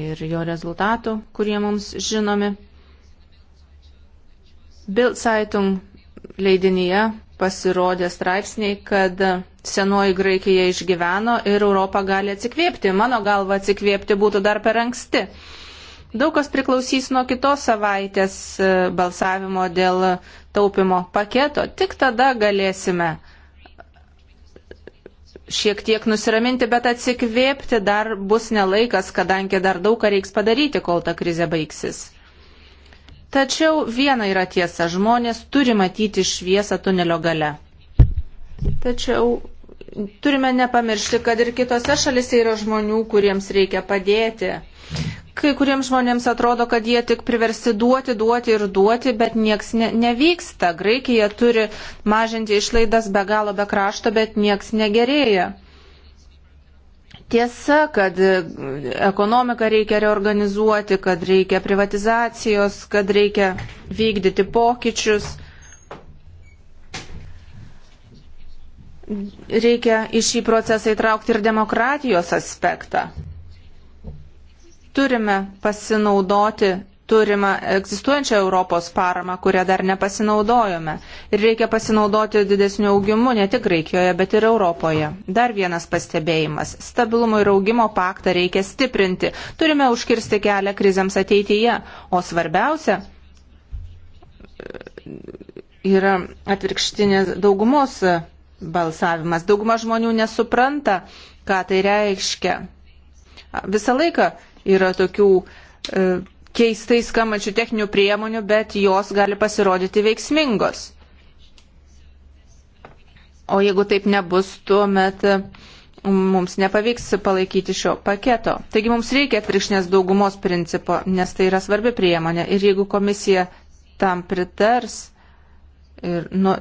ir jo rezultatų, kurie mums žinomi. Bild Saitung leidinyje pasirodė straipsniai, kad senoji Graikija išgyveno ir Europą gali atsikvėpti. Mano galva atsikvėpti būtų dar per anksti. Daug kas priklausys nuo kitos savaitės e, balsavimo dėl taupimo paketo. Tik tada galėsime šiek tiek nusiraminti, bet atsikvėpti dar bus nelaikas, kadangi dar daug ką reiks padaryti, kol ta krizė baigsis. Tačiau viena yra tiesa, žmonės turi matyti šviesą tunelio gale. Tačiau turime nepamiršti, kad ir kitose šalise yra žmonių, kuriems reikia padėti, Kai kuriems žmonėms atrodo, kad jie tik priversti duoti, duoti ir duoti, bet nieks ne, nevyksta. Graikija turi mažinti išlaidas be galo be krašto, bet nieks negerėja. Tiesa, kad ekonomiką reikia reorganizuoti, kad reikia privatizacijos, kad reikia vykdyti pokyčius. Reikia į šį procesą įtraukti ir demokratijos aspektą. Turime pasinaudoti turimą egzistuojančią Europos paramą, kurią dar nepasinaudojome. Ir reikia pasinaudoti didesniu augimu ne tik Graikijoje, bet ir Europoje. Dar vienas pastebėjimas. Stabilumo ir augimo paktą reikia stiprinti. Turime užkirsti kelią krizėms ateityje. O svarbiausia yra atvirkštinės daugumos balsavimas. Dauguma žmonių nesupranta, ką tai reiškia. Visą laiką yra tokių e, keistai skamančių techninių priemonių, bet jos gali pasirodyti veiksmingos. O jeigu taip nebus, tuomet e, mums nepavyks palaikyti šio paketo. Taigi mums reikia atvirkšnės daugumos principo, nes tai yra svarbi priemonė. Ir jeigu komisija tam pritars, ir, nu,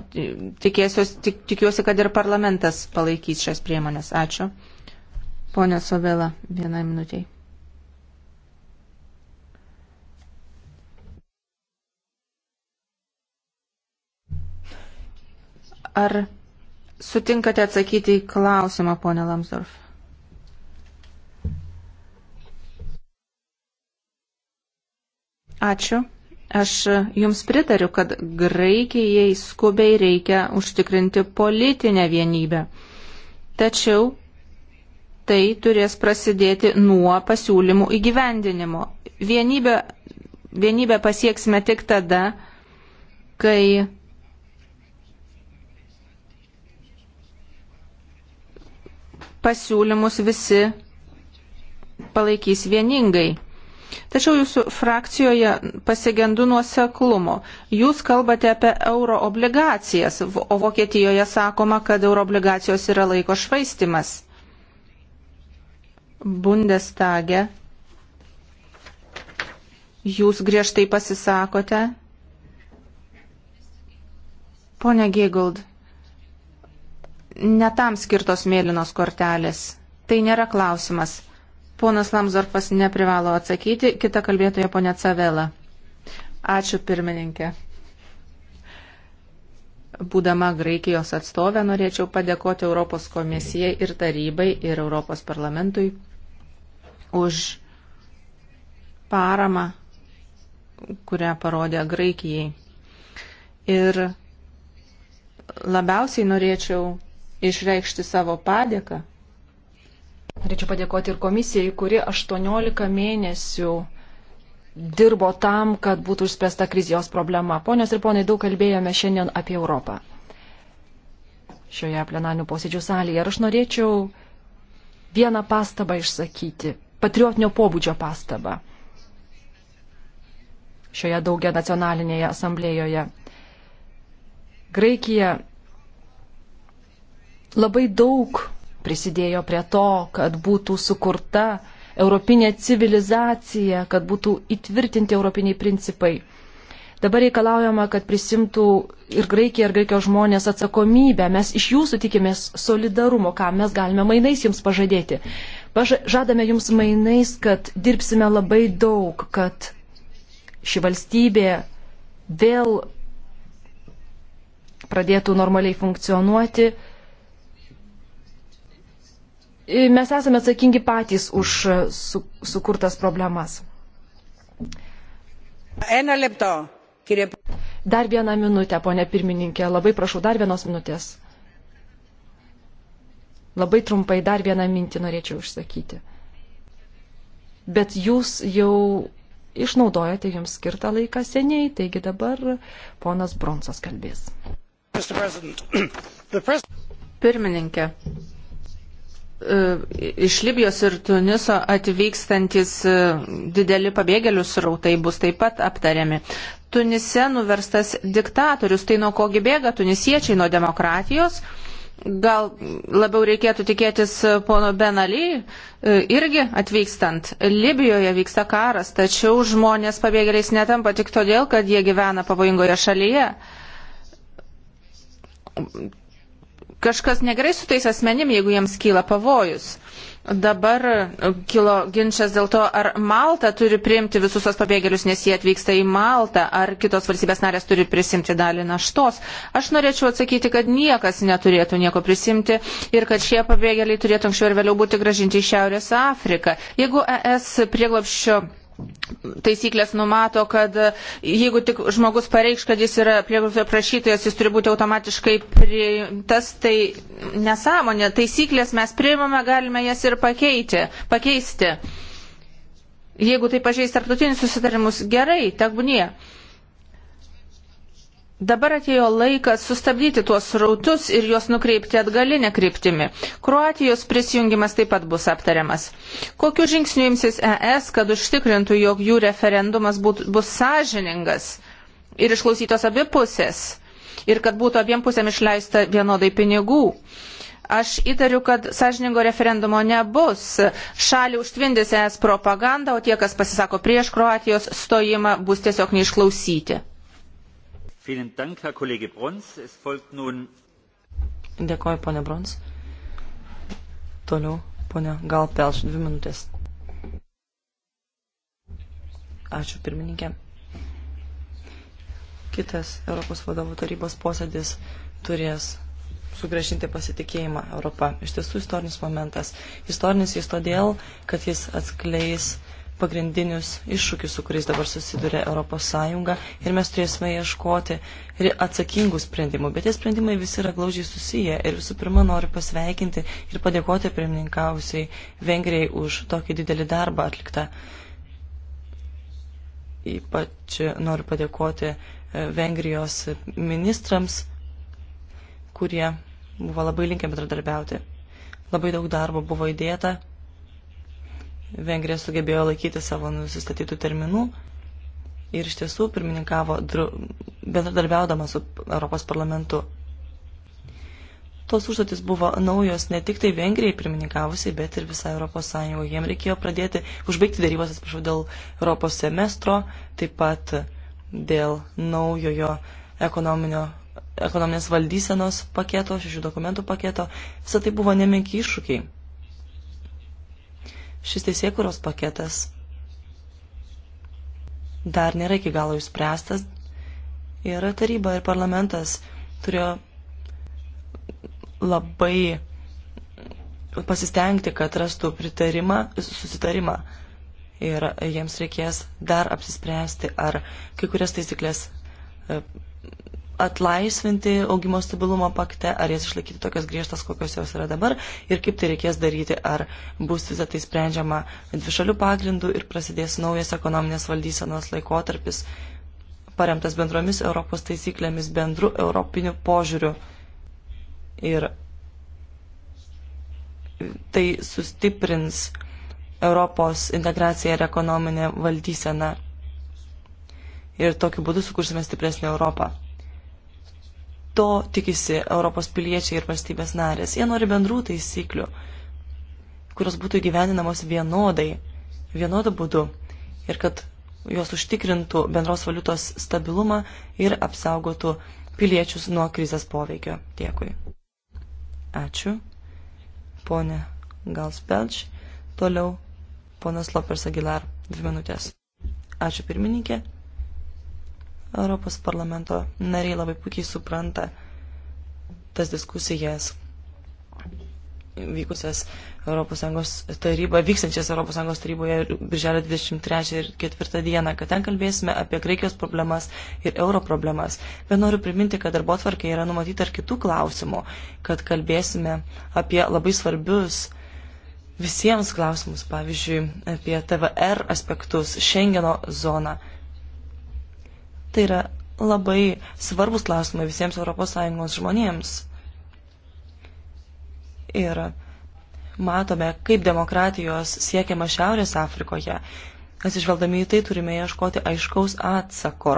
tikėsios, tik, tikiuosi, kad ir parlamentas palaikys šias priemonės. Ačiū. Pone Sovela, vienai minutiai. Ar sutinkate atsakyti į klausimą, ponė Lamsdorf? Ačiū. Aš jums pritariu, kad Graikijai skubiai reikia užtikrinti politinę vienybę. Tačiau tai turės prasidėti nuo pasiūlymų įgyvendinimo. Vienybę, vienybę pasieksime tik tada, kai pasiūlymus visi palaikys vieningai. Tačiau jūsų frakcijoje pasigendu nuoseklumo. Jūs kalbate apie euro obligacijas, o Vokietijoje sakoma, kad euro obligacijos yra laiko švaistimas. Bundestage jūs griežtai pasisakote. Pone Giegold, netam skirtos mėlynos kortelės. Tai nėra klausimas. Ponas Lamsdorfas neprivalo atsakyti, kita kalbėtoja ponia Cavela. Ačiū pirmininkė. Būdama Graikijos atstovė, norėčiau padėkoti Europos komisijai ir tarybai ir Europos parlamentui už paramą, kurią parodė Graikijai. Ir labiausiai norėčiau išreikšti savo padėką. Norėčiau padėkoti ir komisijai, kuri 18 mėnesių dirbo tam, kad būtų išspręsta krizijos problema. Ponios ir ponai, daug kalbėjome šiandien apie Europą. Šioje plenarnių posėdžių salėje. Ir aš norėčiau vieną pastabą išsakyti, patriotinio pobūdžio pastabą šioje daugia nacionalinėje asamblėjoje. Graikija labai daug prisidėjo prie to, kad būtų sukurta europinė civilizacija, kad būtų įtvirtinti europiniai principai. Dabar reikalaujama, kad prisimtų ir Graikija, ir Graikijos žmonės atsakomybę. Mes iš jūsų tikimės solidarumo, ką mes galime mainais jums pažadėti. Žadame jums mainais, kad dirbsime labai daug, kad ši valstybė vėl pradėtų normaliai funkcionuoti, E, mes esame atsakingi patys už e, su, sukurtas problemas. Dar vieną minutę, ponė pirmininkė, labai prašau, dar vienos minutės. Labai trumpai dar vieną mintį norėčiau užsakyti. Bet jūs jau išnaudojate jums skirtą laiką seniai, taigi dabar ponas Bronsas kalbės. Pirmininkė, E, iš Libijos ir Tuniso atvykstantis e, dideli pabėgėlių srautai bus taip pat aptariami. Tunise nuverstas diktatorius, tai nuo kogi bėga tunisiečiai nuo demokratijos. Gal labiau reikėtų tikėtis pono Benali e, irgi atvykstant. Libijoje vyksta karas, tačiau žmonės pabėgėliais netampa tik todėl, kad jie gyvena pavojingoje šalyje kažkas negerai su tais asmenim, jeigu jiems kyla pavojus. Dabar e, kilo ginčas dėl to, ar Malta turi priimti visus tos pabėgėlius, nes jie atvyksta į Maltą, ar kitos valstybės narės turi prisimti dalį naštos. Aš norėčiau atsakyti, kad niekas neturėtų nieko prisimti ir kad šie pabėgėliai turėtų anksčiau ir vėliau būti gražinti į Šiaurės Afriką. Jeigu ES prieglopščio taisyklės numato, kad e, jeigu tik žmogus pareikš, kad jis yra prieglobsio prašytojas, jis turi būti automatiškai priimtas, tai nesąmonė. Taisyklės mes priimame, galime jas ir pakeiti, pakeisti. Jeigu tai pažeis tarptautinius susitarimus, gerai, tegbūnie. Dabar atėjo laikas sustabdyti tuos rautus ir juos nukreipti atgalinę kryptimį. Kroatijos prisijungimas taip pat bus aptariamas. Kokiu žingsniu imsis ES, kad užtikrintų, jog jų referendumas būt, bus sąžiningas ir išklausytos abi pusės ir kad būtų abiem pusėm išleista vienodai pinigų? Aš įtariu, kad sąžiningo referendumo nebus. Šalį užtvindys ES propaganda, o tie, kas pasisako prieš Kroatijos stojimą, bus tiesiog neišklausyti. Dėkoju, ponė Brons. Toliau, ponė Galpelš, dvi minutės. Ačiū, pirmininkė. Kitas Europos vadovų tarybos posėdis turės sugražinti pasitikėjimą Europą. Iš tiesų istorinis momentas. Istorinis jis todėl, kad jis atskleis pagrindinius iššūkius, su kuriais dabar susiduria ES ir mes turėsime ieškoti ir atsakingų sprendimų. Bet tie sprendimai visi yra glaužiai susiję ir visų pirma noriu pasveikinti ir padėkoti pirmininkausiai Vengrijai už tokį didelį darbą atliktą. Ypač noriu padėkoti e, Vengrijos ministrams, kurie buvo labai linkę bendradarbiauti. Labai daug darbo buvo įdėta Vengrija sugebėjo laikyti savo nusistatytų terminų ir iš tiesų pirmininkavo bendradarbiaudama su Europos parlamentu. Tos užduotis buvo naujos ne tik tai Vengrijai pirmininkavusiai, bet ir visai Europos Sąjungoje. Jiem reikėjo pradėti, užbaigti darybas, atsiprašau, dėl Europos semestro, taip pat dėl naujojo ekonominio ekonominės valdysenos paketo, šešių dokumentų paketo. Visą tai buvo nemenki iššūkiai. Šis teisėkuros paketas dar nėra iki galo išspręstas ir taryba ir parlamentas turėjo labai pasistengti, kad rastų pritarimą, susitarimą ir jiems reikės dar apsispręsti, ar kai kurias taisyklės atlaisvinti augimo stabilumo pakte, ar jas išlaikyti tokias griežtas, kokios jos yra dabar ir kaip tai reikės daryti, ar bus visą tai sprendžiama dvišalių pagrindų ir prasidės naujas ekonominės valdysenos laikotarpis, paremtas bendromis Europos taisyklėmis, bendru europiniu požiūriu. Ir tai sustiprins Europos integraciją ir ekonominę valdyseną. Ir tokiu būdu sukursime stipresnį Europą. To tikisi Europos piliečiai ir valstybės narės. Jie nori bendrų taisyklių, kurios būtų gyveninamos vienodai, vienodu būdu ir kad jos užtikrintų bendros valiutos stabilumą ir apsaugotų piliečius nuo krizės poveikio. Dėkui. Ačiū. Pone Galspelč. Toliau ponas Lopers Agilar. Dvi minutės. Ačiū pirmininkė. Europos parlamento nariai labai puikiai supranta tas diskusijas vykusias ES taryba, vykstančias ES taryboje birželio 23 ir 4 dieną, kad ten kalbėsime apie Graikijos problemas ir euro problemas. Bet noriu priminti, kad darbo tvarkė yra numatyta ir kitų klausimų, kad kalbėsime apie labai svarbius visiems klausimus, pavyzdžiui, apie TVR aspektus, Schengeno zoną. Tai yra labai svarbus klausimai visiems ES žmonėms. Ir matome, kaip demokratijos siekiama Šiaurės Afrikoje. Atsižvelgdami į tai turime ieškoti aiškaus atsako.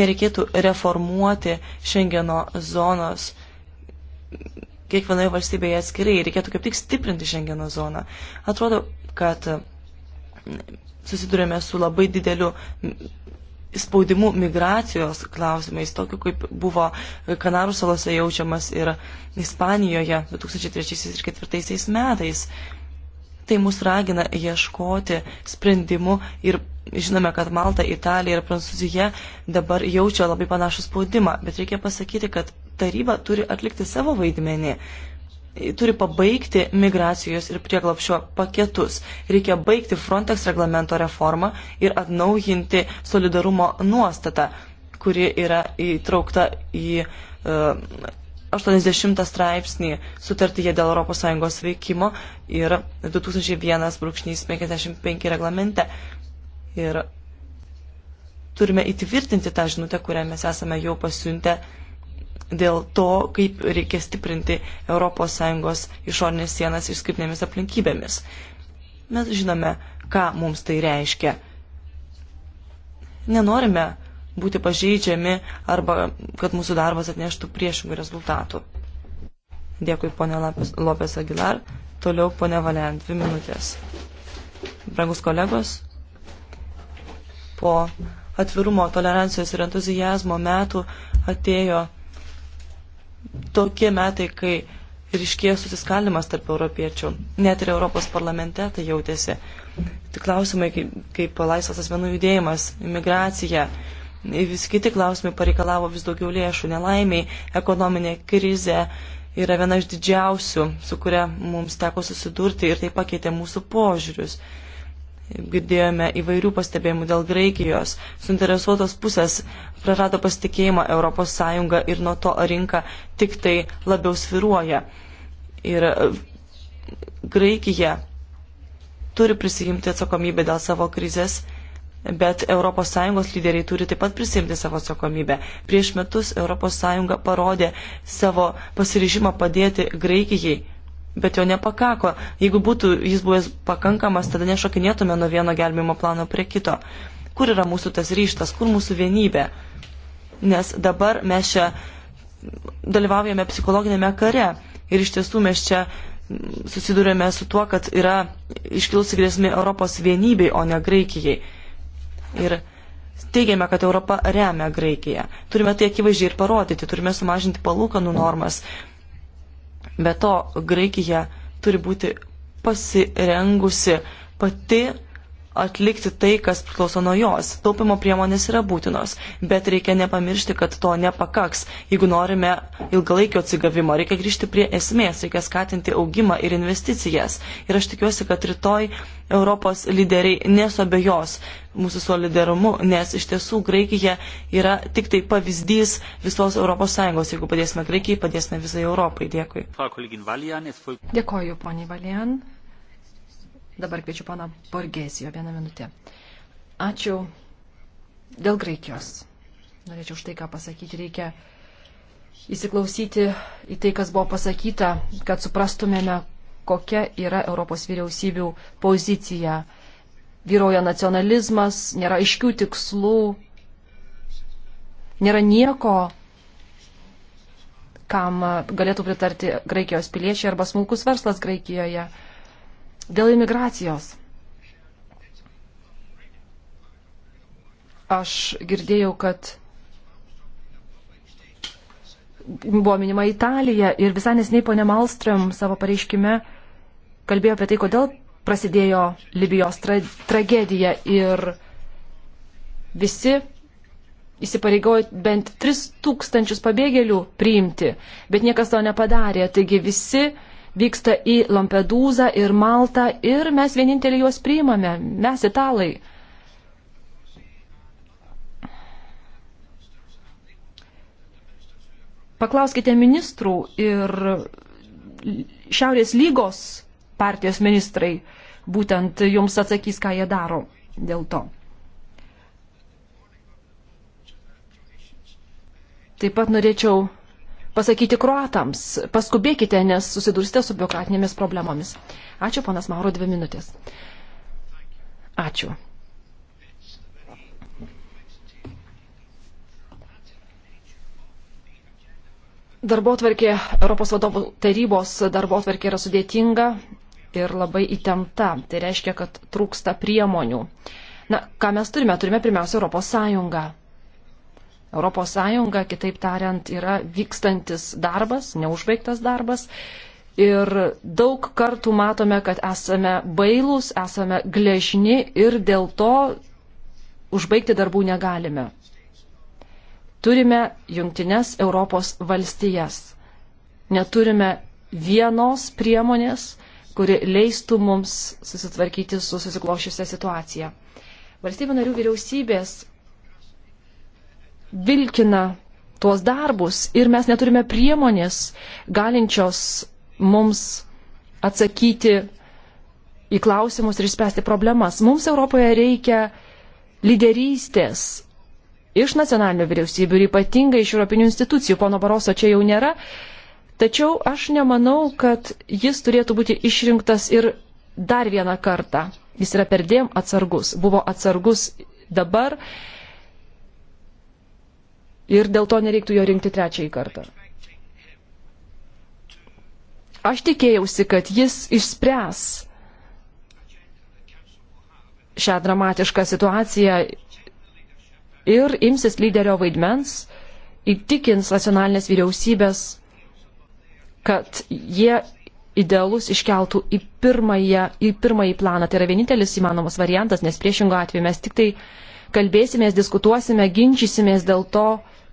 Nereikėtų reformuoti Šengeno zonos kiekvienoje valstybėje atskirai, reikėtų kaip tik stiprinti Šengeno zoną. Atrodo, kad susidurėme su labai dideliu spaudimu migracijos klausimais, tokiu kaip buvo Kanarų salose jaučiamas ir Ispanijoje 2003 ir 2004 metais. Tai mus ragina ieškoti sprendimų ir žinome, kad Malta, Italija ir Prancūzija dabar jaučia labai panašų spaudimą, bet reikia pasakyti, kad taryba turi atlikti savo vaidmenį turi pabaigti migracijos ir prieglapšio paketus. Reikia baigti Frontex reglamento reformą ir atnaujinti solidarumo nuostatą, kuri yra įtraukta į e, uh, 80 straipsnį sutartyje dėl ES veikimo ir 2001-55 reglamente. Ir turime įtvirtinti tą žinutę, kurią mes esame jau pasiuntę uh, dėl to, kaip reikia stiprinti ES išorinės sienas išskirtinėmis aplinkybėmis. Mes žinome, ką mums tai reiškia. Nenorime būti pažeidžiami arba kad mūsų darbas atneštų priešingų rezultatų. Dėkui, ponė Lopės Agilar. Toliau, ponė Valiant, dvi minutės. Brangus kolegos, po atvirumo, tolerancijos ir entuzijazmo metų atėjo tokie metai, kai ryškėja susiskaldimas tarp europiečių. Net ir Europos parlamente tai jautėsi. Tik klausimai kaip, kaip laisvas asmenų judėjimas, imigracija, visi kiti klausimai pareikalavo vis daugiau lėšų. Nelaimiai, ekonominė krizė yra viena iš didžiausių, su kuria mums teko susidurti ir tai pakeitė mūsų požiūrius girdėjome įvairių pastebėjimų dėl Graikijos. Suinteresuotos pusės prarado pasitikėjimą ES ir nuo to rinka tik tai labiau sviruoja. Ir e, Graikija turi prisijimti atsakomybę dėl savo krizės. Bet ES lyderiai turi taip pat prisimti savo atsakomybę. Prieš metus ES parodė savo pasiryžimą padėti Graikijai bet jo nepakako. Jeigu būtų jis buvęs pakankamas, tada nešokinėtume nuo vieno gelbėjimo plano prie kito. Kur yra mūsų tas ryštas, kur mūsų vienybė? Nes dabar mes čia dalyvaujame psichologinėme kare ir iš tiesų mes čia susidurėme su tuo, kad yra iškilusi grėsmė Europos vienybei, o ne Graikijai. Ir teigiame, kad Europa remia Graikiją. Turime tai akivaizdžiai ir parodyti, turime sumažinti palūkanų normas, Be to, Graikija turi būti pasirengusi pati atlikti tai, kas priklauso nuo jos. Taupimo priemonės yra būtinos, bet reikia nepamiršti, kad to nepakaks. Jeigu norime ilgalaikio atsigavimo, reikia grįžti prie esmės, reikia skatinti augimą ir investicijas. Ir aš tikiuosi, kad rytoj Europos lyderiai nesobejos mūsų solidarumu, nes iš tiesų Graikija yra tik tai pavyzdys visos ES. Jeigu padėsime Graikijai, padėsime visai Europai. Dėkui. Dėkoju, poniai Valian. Dabar kviečiu pana Borgesijo vieną minutę. Ačiū dėl Graikijos. Norėčiau štai ką pasakyti. Reikia įsiklausyti į tai, kas buvo pasakyta, kad suprastumėme, kokia yra Europos vyriausybių pozicija. Vyroja nacionalizmas, nėra aiškių tikslų, nėra nieko, kam galėtų pritarti Graikijos piliečiai arba smulkus verslas Graikijoje. Dėl imigracijos. Aš girdėjau, kad buvo minima Italija ir visai nesiniai ponė Malstrom savo pareiškime kalbėjo apie tai, kodėl prasidėjo Libijos tra tragedija ir visi įsipareigojo bent 3000 pabėgėlių priimti, bet niekas to nepadarė. Taigi visi uh, vyksta į Lampedūzą ir Maltą ir mes vienintelį juos priimame, mes italai. Paklauskite ministrų ir Šiaurės lygos partijos ministrai būtent jums atsakys, ką jie daro dėl to. Taip pat norėčiau pasakyti kruatams, paskubėkite, nes susidursite su biurokratinėmis problemomis. Ačiū, ponas Mauro, dvi minutės. Ačiū. Darbo tvarkė Europos vadovų tarybos darbo tvarkė yra sudėtinga ir labai įtempta. Tai reiškia, kad trūksta priemonių. Na, ką mes turime? Turime pirmiausia Europos Sąjungą. Europos Sąjunga, kitaip tariant, yra vykstantis darbas, neužbaigtas darbas. Ir daug kartų matome, kad esame bailūs, esame gležni ir dėl to užbaigti darbų negalime. Turime jungtinės Europos valstijas. Neturime vienos priemonės, kuri leistų mums susitvarkyti su susiklošiusią situaciją. Valstybių narių vyriausybės vilkina tuos darbus ir mes neturime priemonės galinčios mums atsakyti į klausimus ir išspręsti problemas. Mums Europoje reikia lyderystės iš nacionalinių vyriausybių ir ypatingai iš Europinių institucijų. Pono Baroso čia jau nėra. Tačiau aš nemanau, kad jis turėtų būti išrinktas ir dar vieną kartą. Jis yra perdėm atsargus. Buvo atsargus dabar ir dėl to nereiktų jo rinkti trečiąjį kartą. Aš tikėjausi, kad jis išspręs šią dramatišką situaciją ir imsis lyderio vaidmens, įtikins nacionalinės vyriausybės, kad jie idealus iškeltų į, pirmąją, į pirmąjį planą. Tai yra vienintelis įmanomas variantas, nes priešingų atveju mes tik tai kalbėsimės, diskutuosime, ginčysimės dėl to,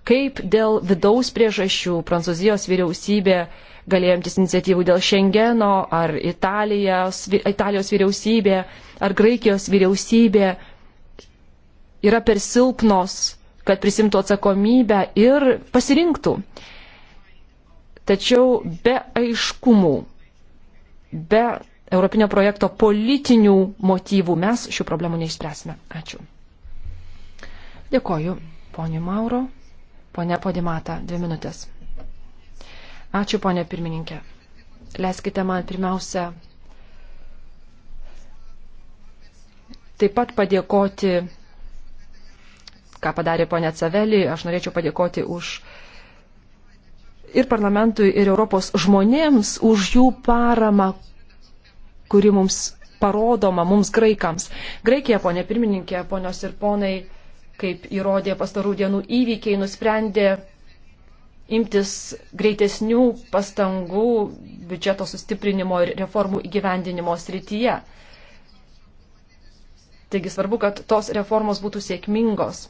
kaip dėl vidaus priežasčių Prancūzijos vyriausybė galėjimtis iniciatyvų dėl Šengeno, ar Italijos, Italijos vyriausybė, ar Graikijos vyriausybė yra per silpnos, kad prisimtų atsakomybę ir pasirinktų. Tačiau be aiškumų, be Europinio projekto politinių motyvų mes šių problemų neišspręsime. Ačiū. Dėkoju, poniu Mauro. Pone Podimata, dvi minutės. Ačiū, ponė pirmininkė. Leiskite man pirmiausia taip pat padėkoti, ką padarė ponė Cavelį, aš norėčiau padėkoti už ir parlamentui, ir Europos žmonėms už jų paramą, kuri mums parodoma, mums graikams. Graikija, ponė pirmininkė, ponios ir ponai, kaip įrodė pastarų dienų įvykiai, nusprendė imtis greitesnių pastangų biudžeto sustiprinimo ir reformų įgyvendinimo srityje. Taigi svarbu, kad tos reformos būtų sėkmingos.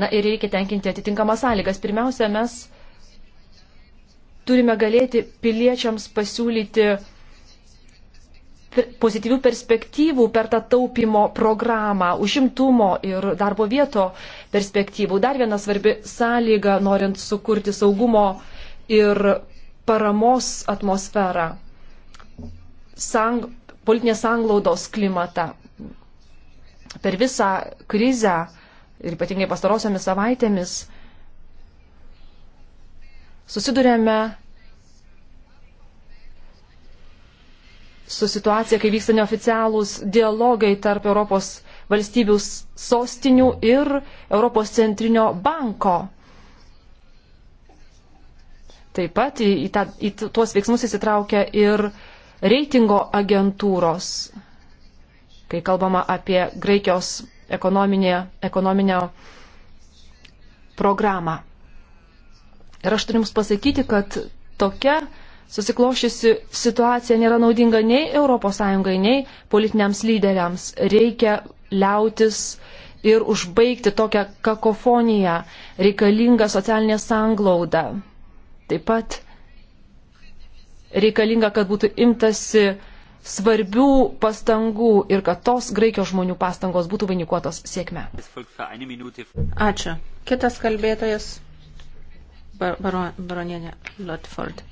Na ir reikia tenkinti atitinkamas sąlygas. Pirmiausia, mes turime galėti piliečiams pasiūlyti pozityvių perspektyvų per tą taupimo programą, užimtumo ir darbo vieto perspektyvų. Dar viena svarbi sąlyga, norint sukurti saugumo ir paramos atmosferą, sang, politinės sanglaudos klimatą. Per visą krizę ir ypatingai pastarosiomis savaitėmis susidurėme su situacija, kai vyksta neoficialūs dialogai tarp Europos valstybių sostinių ir Europos centrinio banko. Taip pat į, į, tą, į tuos veiksmus įsitraukia ir reitingo agentūros, kai kalbama apie Graikijos ekonominę programą. Ir aš turiu Jums pasakyti, kad tokia susiklošysi situacija nėra naudinga nei ES, nei politiniams lyderiams. Reikia liautis ir užbaigti tokią kakofoniją, reikalingą socialinę sanglaudą. Taip pat reikalinga, kad būtų imtasi svarbių pastangų ir kad tos graikijos žmonių pastangos būtų vainikuotos sėkme. Ačiū. Kitas kalbėtojas baronienė Lotford.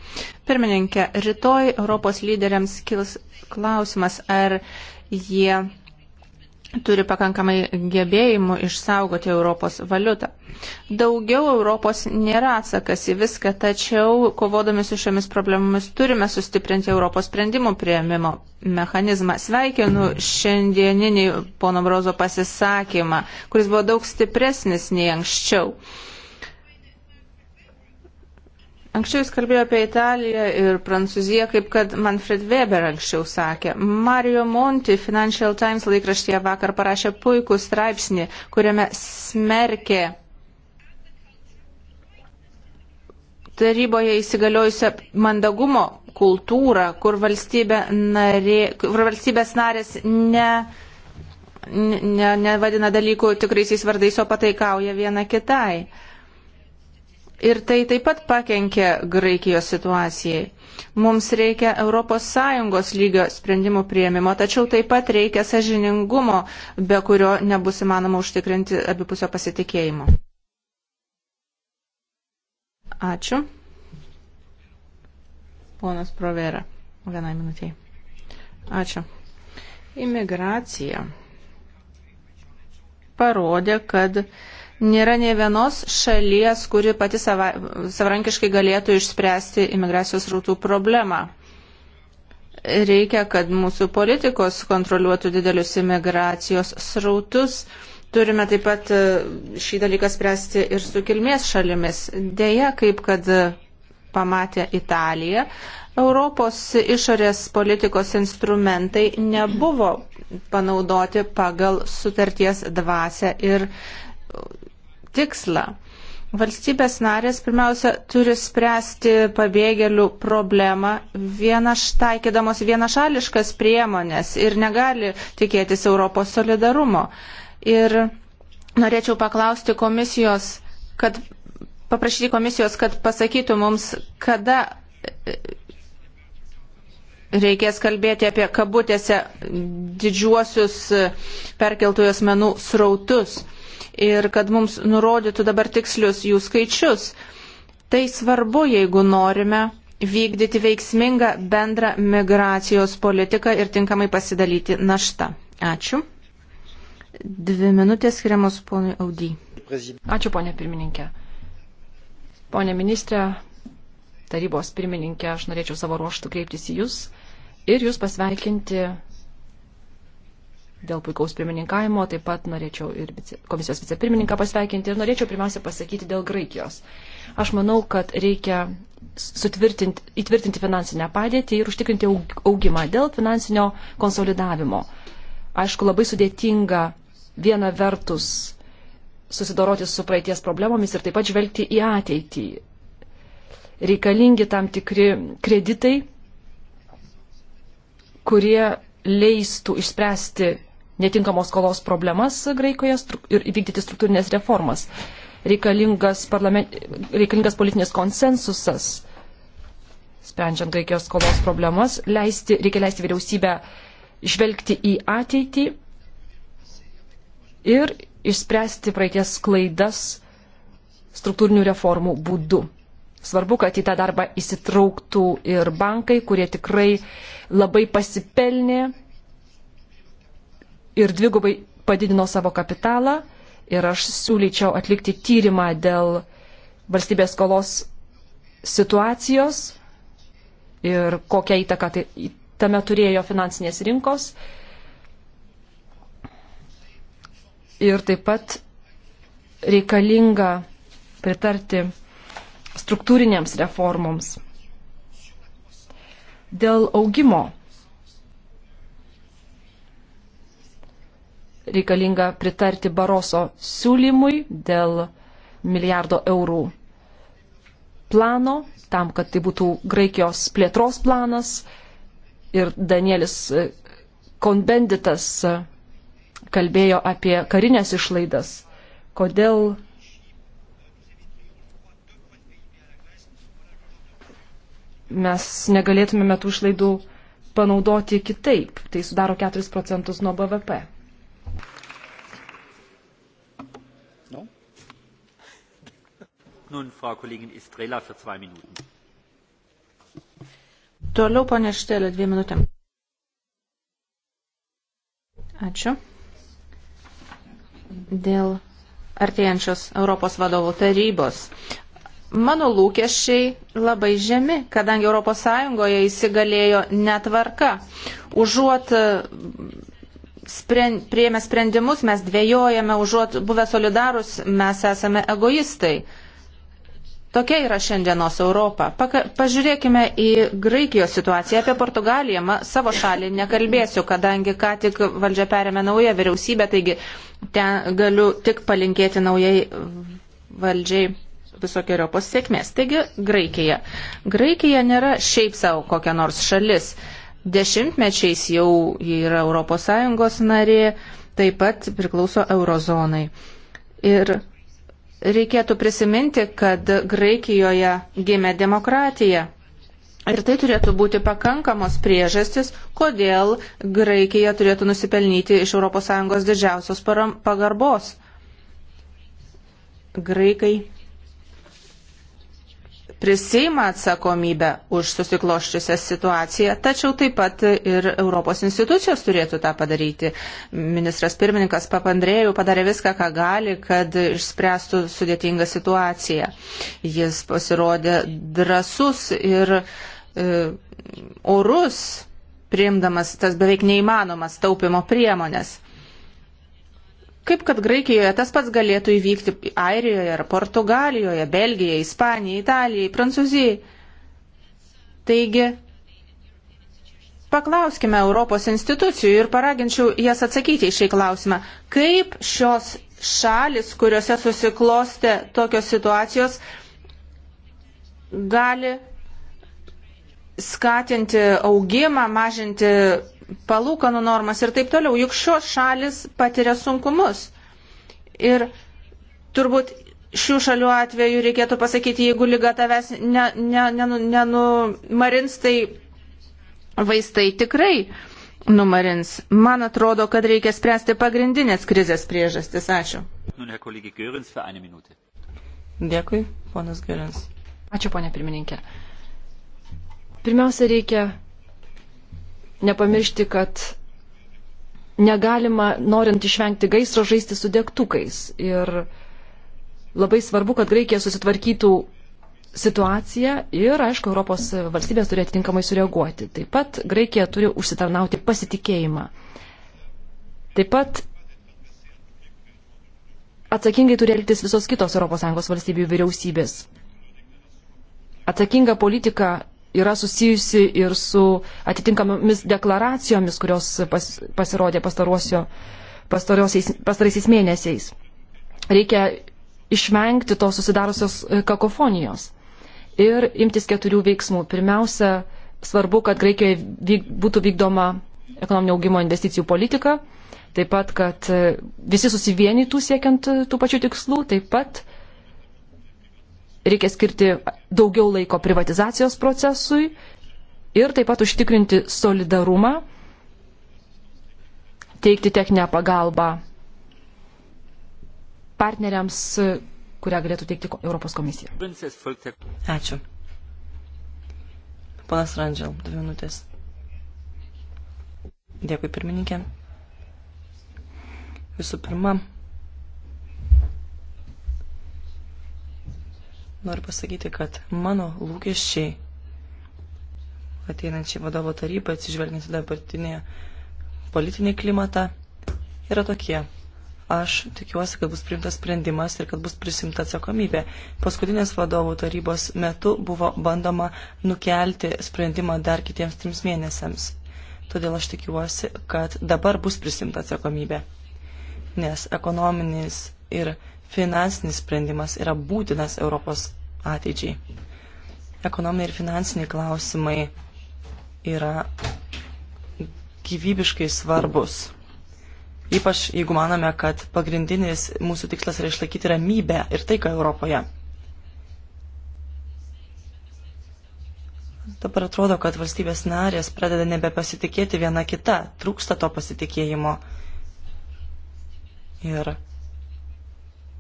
Pirmininkė, rytoj Europos lyderiams kils klausimas, ar jie turi pakankamai gebėjimų išsaugoti Europos valiutą. Daugiau Europos nėra atsakas į viską, tačiau kovodami su šiomis problemomis turime sustiprinti Europos sprendimų prieimimo mechanizmą. Sveikinu šiandieninį pono Brozo pasisakymą, kuris buvo daug stipresnis nei anksčiau. Uh, Anksčiau jis kalbėjo apie Italiją ir Prancūziją, kaip kad Manfred Weber anksčiau sakė. Mario Monti Financial Times laikraštyje vakar parašė puikų straipsnį, kuriame smerkė taryboje įsigaliojusią mandagumo kultūrą, kur, valstybė narė, kur valstybės narės ne nevadina ne, ne dalykų tikraisiais vardais, o pataikauja viena kitai. Ir tai taip pat pakenkė Graikijos situacijai. Mums reikia ES lygio sprendimų prieimimo, tačiau taip pat reikia sažiningumo, be kurio nebus įmanoma užtikrinti abipusio pasitikėjimo. Ačiū. Ponas Provera, vienai minutiai. Ačiū. Imigracija parodė, kad Nėra ne vienos šalies, kuri pati sava, savarankiškai galėtų išspręsti imigracijos rautų problemą. Reikia, kad mūsų politikos kontroliuotų didelius imigracijos srautus. Turime taip pat e, šį dalyką spręsti ir su kilmės šalimis. Deja, kaip kad pamatė Italija, Europos išorės politikos instrumentai nebuvo panaudoti pagal sutarties dvasę ir tikslą. Valstybės narės pirmiausia turi spręsti pabėgėlių problemą, vienaš, taikydamos vienašališkas priemonės ir negali tikėtis Europos solidarumo. Ir norėčiau paklausti komisijos, kad paprašyti komisijos, kad pasakytų mums, kada e, reikės kalbėti apie kabutėse didžiuosius e, perkeltųjų asmenų srautus ir kad mums nurodytų dabar tikslius jų skaičius. Tai svarbu, jeigu norime vykdyti veiksmingą bendrą migracijos politiką ir tinkamai pasidalyti naštą. Ačiū. Dvi minutės skiriamos ponui Audy. Ačiū, ponė pirmininkė. Pone ministrė, tarybos pirmininkė, aš norėčiau savo ruoštų kreiptis į Jūs ir Jūs pasveikinti dėl puikaus pirmininkavimo, taip pat norėčiau ir komisijos vicepirmininką pasveikinti ir norėčiau pirmiausia pasakyti dėl Graikijos. Aš manau, kad reikia įtvirtinti finansinę padėtį ir užtikrinti augimą dėl finansinio konsolidavimo. Aišku, labai sudėtinga viena vertus susidoroti su praeities problemomis ir taip pat žvelgti į ateitį. Reikalingi tam tikri kreditai, kurie leistų išspręsti netinkamos skolos problemas Graikoje ir įvykdyti struktūrinės reformas. Reikalingas, reikalingas politinis konsensusas, sprendžiant Graikijos skolos problemas, leisti, reikia leisti vyriausybę žvelgti į ateitį ir išspręsti praeities klaidas struktūrinių reformų būdu. Svarbu, kad į tą darbą įsitrauktų ir bankai, kurie tikrai labai pasipelnė ir dvigubai padidino savo kapitalą ir aš siūlyčiau atlikti tyrimą dėl valstybės skolos situacijos ir kokią įtaką tai, tame turėjo finansinės rinkos. Ir taip pat reikalinga pritarti struktūrinėms reformoms. Dėl augimo reikalinga pritarti Baroso siūlymui dėl milijardo eurų plano, tam, kad tai būtų Graikijos plėtros planas. Ir Danielis e, Konbenditas e, kalbėjo apie karinės išlaidas. Kodėl mes negalėtumėme tų išlaidų panaudoti kitaip. Tai sudaro 4 procentus nuo BVP. Nun, Frau Kollegin Estrela, für zwei Minuten. Toliau, ponė Štelė, dviem minutėm. Ačiū. Dėl artėjančios Europos vadovų tarybos. Mano lūkesčiai labai žemi, kadangi ES įsigalėjo netvarka. Užuot e, spren, prieėmę sprendimus, mes dvėjojame, užuot buvę solidarus, mes esame egoistai. Tokia yra šiandienos Europa. Paka, pažiūrėkime į Graikijos situaciją. Apie Portugaliją ma, savo šalį nekalbėsiu, kadangi ką tik valdžia perėmė naują vyriausybę, taigi ten galiu tik palinkėti naujai valdžiai visokiojopos sėkmės. Taigi Graikija. Graikija nėra šiaip savo kokia nors šalis. Dešimtmečiais jau yra ES narė, taip pat priklauso eurozonai. Ir reikėtų prisiminti, kad Graikijoje gimė demokratija. Ir tai turėtų būti pakankamos priežastis, kodėl Graikija turėtų nusipelnyti iš ES didžiausios pagarbos. Graikai prisima atsakomybę už susikloščiusią situaciją, tačiau taip pat ir Europos institucijos turėtų tą padaryti. Ministras pirmininkas Papandrėjų padarė viską, ką gali, kad išspręstų sudėtingą situaciją. Jis pasirodė drasus ir e, orus priimdamas tas beveik neįmanomas taupimo priemonės. Kaip kad Graikijoje tas pats galėtų įvykti Airijoje ar Portugalijoje, Belgijoje, Ispanijoje, Italijoje, Prancūzijoje. Taigi, paklauskime Europos institucijų ir paraginčiau jas atsakyti į šį klausimą. Kaip šios šalis, kuriuose susiklosti tokios situacijos, gali skatinti augimą, mažinti palūkanų normas ir taip toliau. Juk šios šalis patiria sunkumus. Ir turbūt šių šalių atveju reikėtų pasakyti, jeigu lyga tavęs nenumarins, ne, ne, ne, tai vaistai tikrai numarins. Man atrodo, kad reikia spręsti pagrindinės krizės priežastis. Ačiū. Dėkui, ponas Gerins. Ačiū, ponė pirmininkė. Pirmiausia, reikia nepamiršti, kad negalima, norint išvengti gaisro, žaisti su degtukais. Ir labai svarbu, kad Graikija susitvarkytų situaciją ir, aišku, Europos valstybės turi atitinkamai sureaguoti. Taip pat Graikija turi užsitarnauti pasitikėjimą. Taip pat atsakingai turi elgtis visos kitos ES valstybių vyriausybės. Atsakinga politika yra susijusi ir su atitinkamomis deklaracijomis, kurios pas, pasirodė pastaraisiais mėnesiais. Reikia išvengti tos susidariusios e, kakofonijos ir imtis keturių veiksmų. Pirmiausia, svarbu, kad Graikijoje vyk, būtų vykdoma ekonominio augimo investicijų politika, taip pat, kad e, visi susivienytų siekiant e, tų pačių tikslų, taip pat reikia skirti daugiau laiko privatizacijos procesui ir taip pat užtikrinti solidarumą, teikti techninę pagalbą partneriams, kurią galėtų teikti Europos komisija. Ačiū. Ponas Randžel, dvi minutės. Dėkui pirmininkė. Visų pirma, noriu pasakyti, kad mano lūkesčiai ateinančiai vadovo tarybai, atsižvelgiant į dabartinį politinį klimatą, yra tokie. Aš tikiuosi, kad bus priimtas sprendimas ir kad bus prisimta atsakomybė. Paskutinės vadovų tarybos metu buvo bandoma nukelti sprendimą dar kitiems trims mėnesiams. Todėl aš tikiuosi, kad dabar bus prisimta atsakomybė. Nes ekonominis ir finansinis sprendimas yra būtinas Europos ateičiai. Ekonominiai ir finansiniai klausimai yra gyvybiškai svarbus. Ypač jeigu manome, kad pagrindinis mūsų tikslas yra išlaikyti ramybę ir taiką Europoje. Dabar atrodo, kad valstybės narės pradeda nebepasitikėti viena kita, trūksta to pasitikėjimo. Ir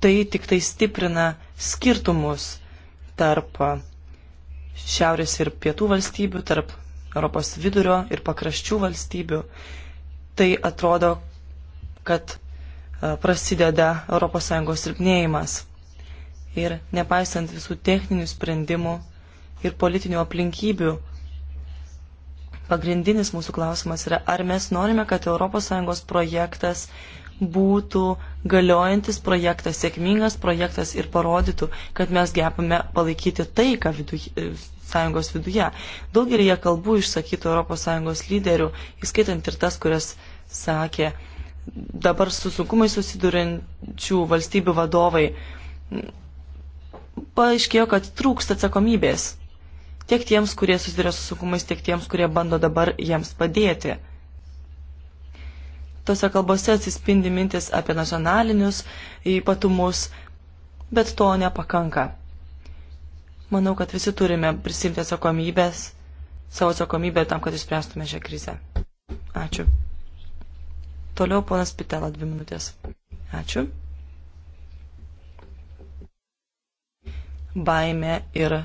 tai tik tai stiprina skirtumus tarp šiaurės ir pietų valstybių, tarp Europos vidurio ir pakraščių valstybių. Tai atrodo, kad e, prasideda ES silpnėjimas. Ir nepaisant visų techninių sprendimų ir politinių aplinkybių, pagrindinis mūsų klausimas yra, ar mes norime, kad ES projektas būtų galiojantis projektas, sėkmingas projektas ir parodytų, kad mes gebame palaikyti taiką viduje, sąjungos viduje. Daugelį jie kalbų išsakytų ES lyderių, įskaitant ir tas, kurias sakė dabar su sunkumai susidurinčių valstybių vadovai, paaiškėjo, kad trūksta atsakomybės. Tiek tiems, kurie susiduria su sunkumais, tiek tiems, kurie bando dabar jiems padėti. Tose kalbose atsispindi mintis apie nacionalinius ypatumus, bet to nepakanka. Manau, kad visi turime prisimti atsakomybės, savo atsakomybę tam, kad išspręstume šią krizę. Ačiū. Toliau ponas Pitela, dvi minutės. Ačiū. Baime ir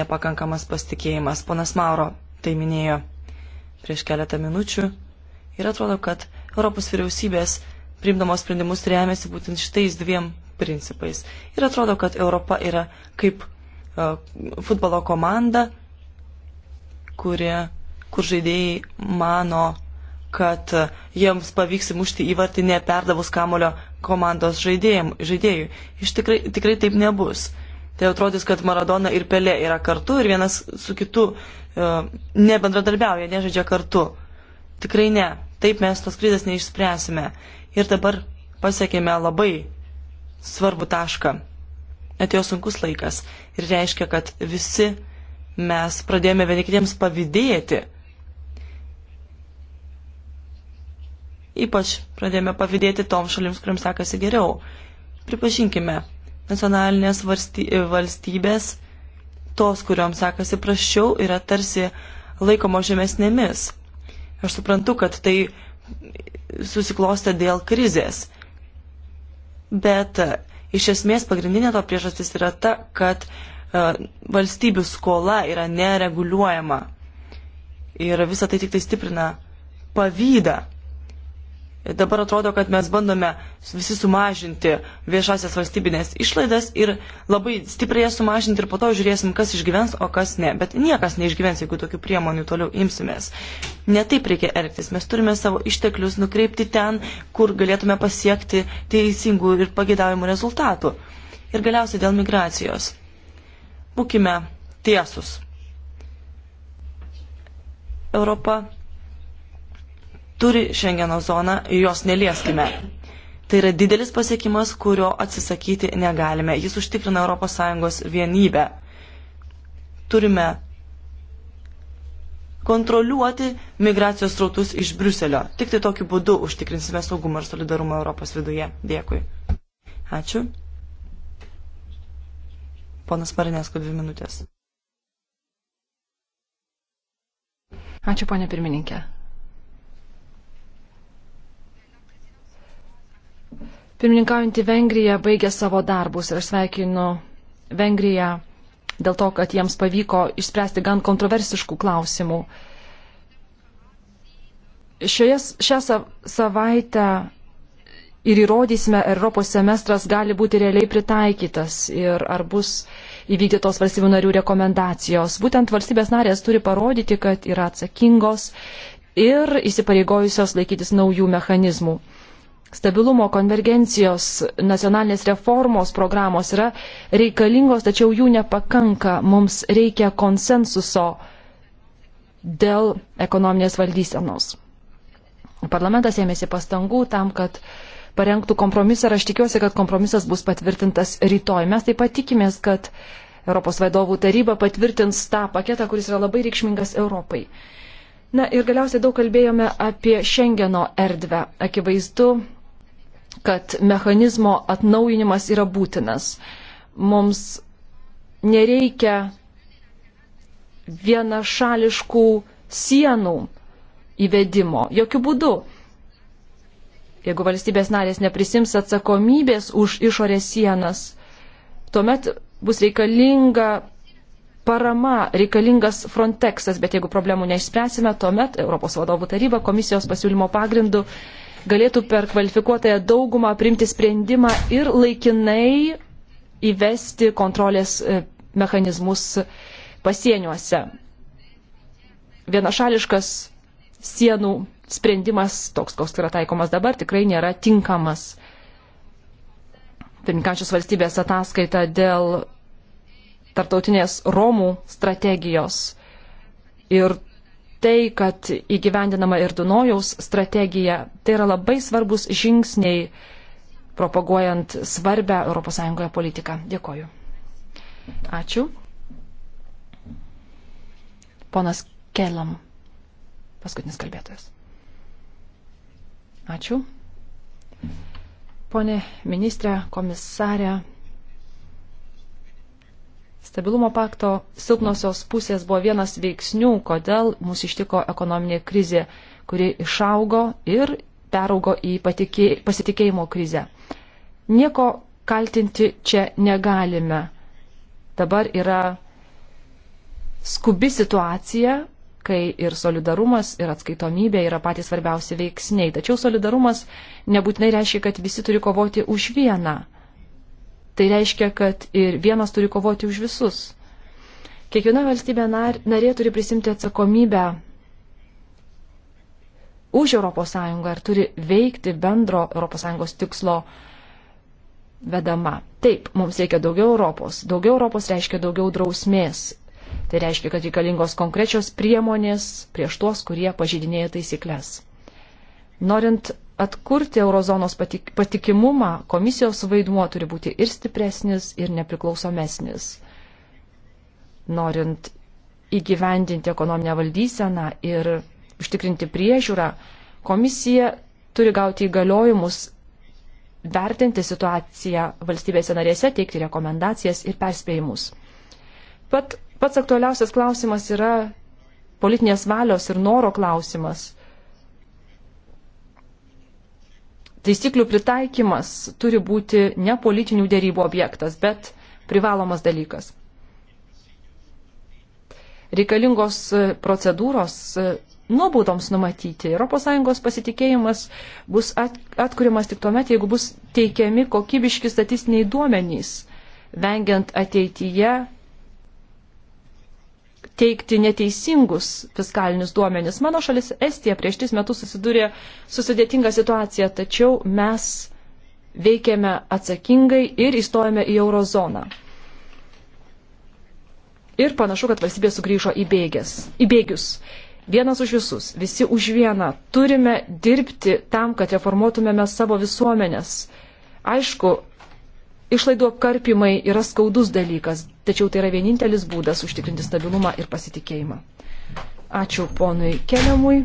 nepakankamas pasitikėjimas. Ponas Mauro tai minėjo prieš keletą minučių ir atrodo, kad Europos vyriausybės priimdamos sprendimus remiasi būtent šitais dviem principais. Ir atrodo, kad Europa yra kaip uh, futbolo komanda, kurie, kur žaidėjai mano, kad uh, jiems pavyks įmušti įvartį neperdavus kamulio komandos žaidėjim, žaidėjui. Iš tikrai, tikrai taip nebus. Tai atrodys, kad Maradona ir Pelė yra kartu ir vienas su kitu uh, nebendradarbiauja, nežaidžia kartu. Tikrai ne. Taip mes tos krizės neišspręsime. Ir dabar pasiekėme labai svarbų tašką. Atėjo sunkus laikas ir reiškia, kad visi mes pradėjome vieni kitiems pavydėti. Ypač pradėjome pavydėti toms šalims, kuriams sekasi geriau. Pripažinkime, nacionalinės valstybės, tos, kuriuoms sekasi praščiau, yra tarsi laikomo žemesnėmis. Aš suprantu, kad tai susiklostė dėl krizės. Bet e, iš esmės pagrindinė to priežastis yra ta, kad e, valstybių skola yra nereguliuojama. Ir visą tai tik tai stiprina pavydą dabar atrodo, kad mes bandome visi sumažinti viešasias valstybinės išlaidas ir labai stipriai jas sumažinti ir po to žiūrėsim, kas išgyvens, o kas ne. Bet niekas neišgyvens, jeigu tokių priemonių toliau imsimės. Netaip reikia elgtis. Mes turime savo išteklius nukreipti ten, kur galėtume pasiekti teisingų ir pagėdavimų rezultatų. Ir galiausiai dėl migracijos. Būkime tiesus. Europa turi Šengeno zoną, jos nelieskime. Tai yra didelis pasiekimas, kurio atsisakyti negalime. Jis užtikrina ES vienybę. Turime kontroliuoti migracijos srautus iš Briuselio. Tik tai tokiu būdu užtikrinsime saugumą ir solidarumą Europos viduje. Dėkui. Ačiū. Ponas Marinesko, dvi minutės. Ačiū, ponė pirmininkė. Pirmininkaujantį Vengriją baigė savo darbus ir aš sveikinu Vengriją dėl to, kad jiems pavyko išspręsti gan kontroversiškų klausimų. Šioje, šią savaitę ir įrodysime, ar Europos semestras gali būti realiai pritaikytas ir ar bus įvykdytos valstybių narių rekomendacijos. Būtent valstybės narės turi parodyti, kad yra atsakingos ir įsipareigojusios laikytis naujų mechanizmų stabilumo konvergencijos nacionalinės reformos programos yra reikalingos, tačiau jų nepakanka. Mums reikia konsensuso dėl ekonominės valdysenos. Parlamentas ėmėsi pastangų tam, kad parengtų kompromisą ir aš tikiuosi, kad kompromisas bus patvirtintas rytoj. Mes taip pat tikimės, kad Europos vadovų taryba patvirtins tą paketą, kuris yra labai reikšmingas Europai. Na ir galiausiai daug kalbėjome apie Šengeno erdvę. Akivaizdu, kad mechanizmo atnaujinimas yra būtinas. Mums nereikia vienašališkų sienų įvedimo. Jokių būdų. Jeigu valstybės narės neprisims atsakomybės už išorės sienas, tuomet bus reikalinga parama, reikalingas Frontexas, bet jeigu problemų neišspręsime, tuomet Europos vadovų taryba komisijos pasiūlymo pagrindu galėtų per kvalifikuotąją daugumą priimti sprendimą ir laikinai įvesti kontrolės e, mechanizmus pasieniuose. Vienašališkas sienų sprendimas, toks koks yra taikomas dabar, tikrai nėra tinkamas. Pirminkančios valstybės ataskaita dėl tartautinės Romų strategijos ir tai, kad įgyvendinama ir Dunojaus strategija, tai yra labai svarbus žingsniai propaguojant svarbę ES politiką. Dėkoju. Ačiū. Ponas Kelam, paskutinis kalbėtojas. Ačiū. Pone ministrė, komisarė, Stabilumo pakto silpnosios pusės buvo vienas veiksnių, kodėl mus ištiko ekonominė krizė, kuri išaugo ir peraugo į patikė, pasitikėjimo krizę. Nieko kaltinti čia negalime. Dabar yra skubi situacija, kai ir solidarumas, ir atskaitomybė yra patys svarbiausi veiksniai. Tačiau solidarumas nebūtinai reiškia, kad visi turi kovoti už vieną. Tai reiškia, kad ir vienas turi kovoti už visus. Kiekviena valstybė narė turi prisimti atsakomybę už ES ir turi veikti bendro ES tikslo vedama. Taip, mums reikia daugiau Europos. Daugiau Europos reiškia daugiau drausmės. Tai reiškia, kad reikalingos konkrečios priemonės prieš tuos, kurie pažydinėja taisyklės. Norint atkurti eurozonos patik patikimumą, komisijos vaidmuo turi būti ir stipresnis, ir nepriklausomesnis. Norint įgyvendinti ekonominę valdyseną ir užtikrinti priežiūrą, komisija turi gauti įgaliojimus vertinti situaciją valstybėse narėse, teikti rekomendacijas ir perspėjimus. Pat, pats aktualiausias klausimas yra politinės valios ir noro klausimas taisyklių pritaikymas turi būti ne politinių dėrybų objektas, bet privalomas dalykas. Reikalingos e, procedūros e, nuobaudoms numatyti. ES pasitikėjimas bus atkuriamas tik tuomet, jeigu bus teikiami kokybiški statistiniai duomenys, vengiant ateityje teikti neteisingus fiskalinius duomenis. Mano šalis Estija prieš tris metus susidūrė su sudėtinga situacija, tačiau mes veikėme atsakingai ir įstojome į eurozoną. Ir panašu, kad valstybė sugrįžo į, bėgės, į bėgius. Vienas už visus, visi už vieną. Turime dirbti tam, kad reformuotumėme savo visuomenės. Aišku, Išlaidų apkarpimai yra skaudus dalykas, tačiau tai yra vienintelis būdas užtikrinti stabilumą ir pasitikėjimą. Ačiū ponui Keliamui.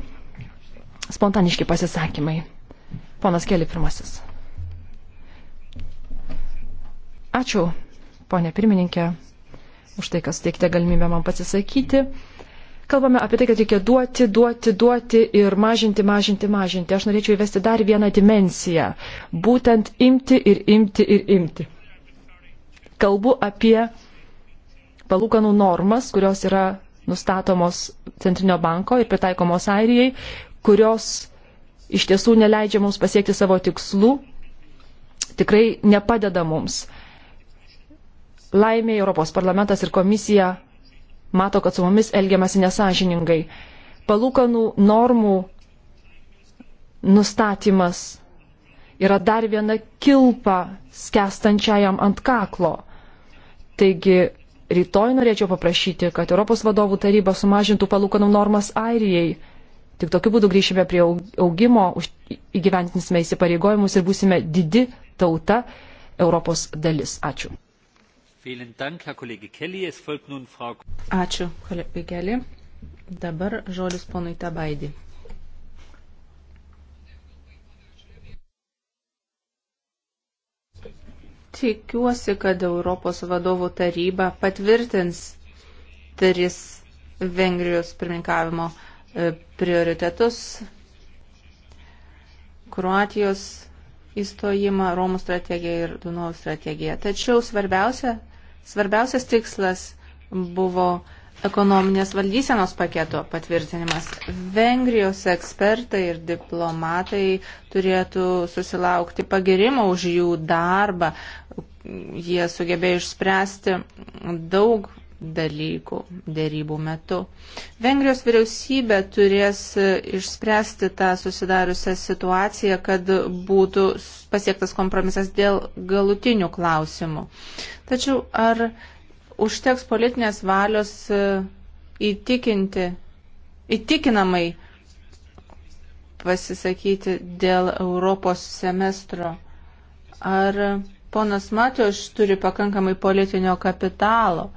Spontaniški pasisakymai. Ponas Keli pirmasis. Ačiū, ponė pirmininkė, už tai, kas teikite galimybę man pasisakyti. Kalbame apie tai, kad reikia duoti, duoti, duoti ir mažinti, mažinti, mažinti. Aš norėčiau įvesti dar vieną dimensiją. Būtent imti ir imti ir imti kalbu apie palūkanų normas, kurios yra nustatomos Centrinio banko ir pritaikomos Airijai, kurios iš tiesų neleidžia mums pasiekti savo tikslų, tikrai nepadeda mums. Laimė Europos parlamentas ir komisija mato, kad su mumis elgiamasi nesažiningai. Palūkanų normų nustatymas yra dar viena kilpa skestančiajam ant kaklo. Taigi rytoj norėčiau paprašyti, kad Europos vadovų taryba sumažintų palūkanų normas Airijai. Tik tokiu būdu grįšime prie augimo, įgyventinsime įsipareigojimus ir būsime didi tauta Europos dalis. Ačiū. Ačiū, kolegė Kelly. Dabar žodis ponui Tabaidį. tikiuosi, kad Europos vadovų taryba patvirtins tris Vengrijos pirmininkavimo e, prioritetus Kroatijos įstojimą, Romų strategiją ir Dunojų strategiją. Tačiau svarbiausia, svarbiausias tikslas buvo ekonominės valdysenos paketo patvirtinimas. Vengrijos ekspertai ir diplomatai turėtų susilaukti pagirimo už jų darbą. Jie sugebėjo išspręsti daug dalykų dėrybų metu. Vengrijos vyriausybė turės išspręsti tą susidariusią situaciją, kad būtų pasiektas kompromisas dėl galutinių klausimų. Tačiau ar užteks politinės valios e, įtikinti, įtikinamai pasisakyti dėl Europos semestro. Ar ponas Matijoš turi pakankamai politinio kapitalo,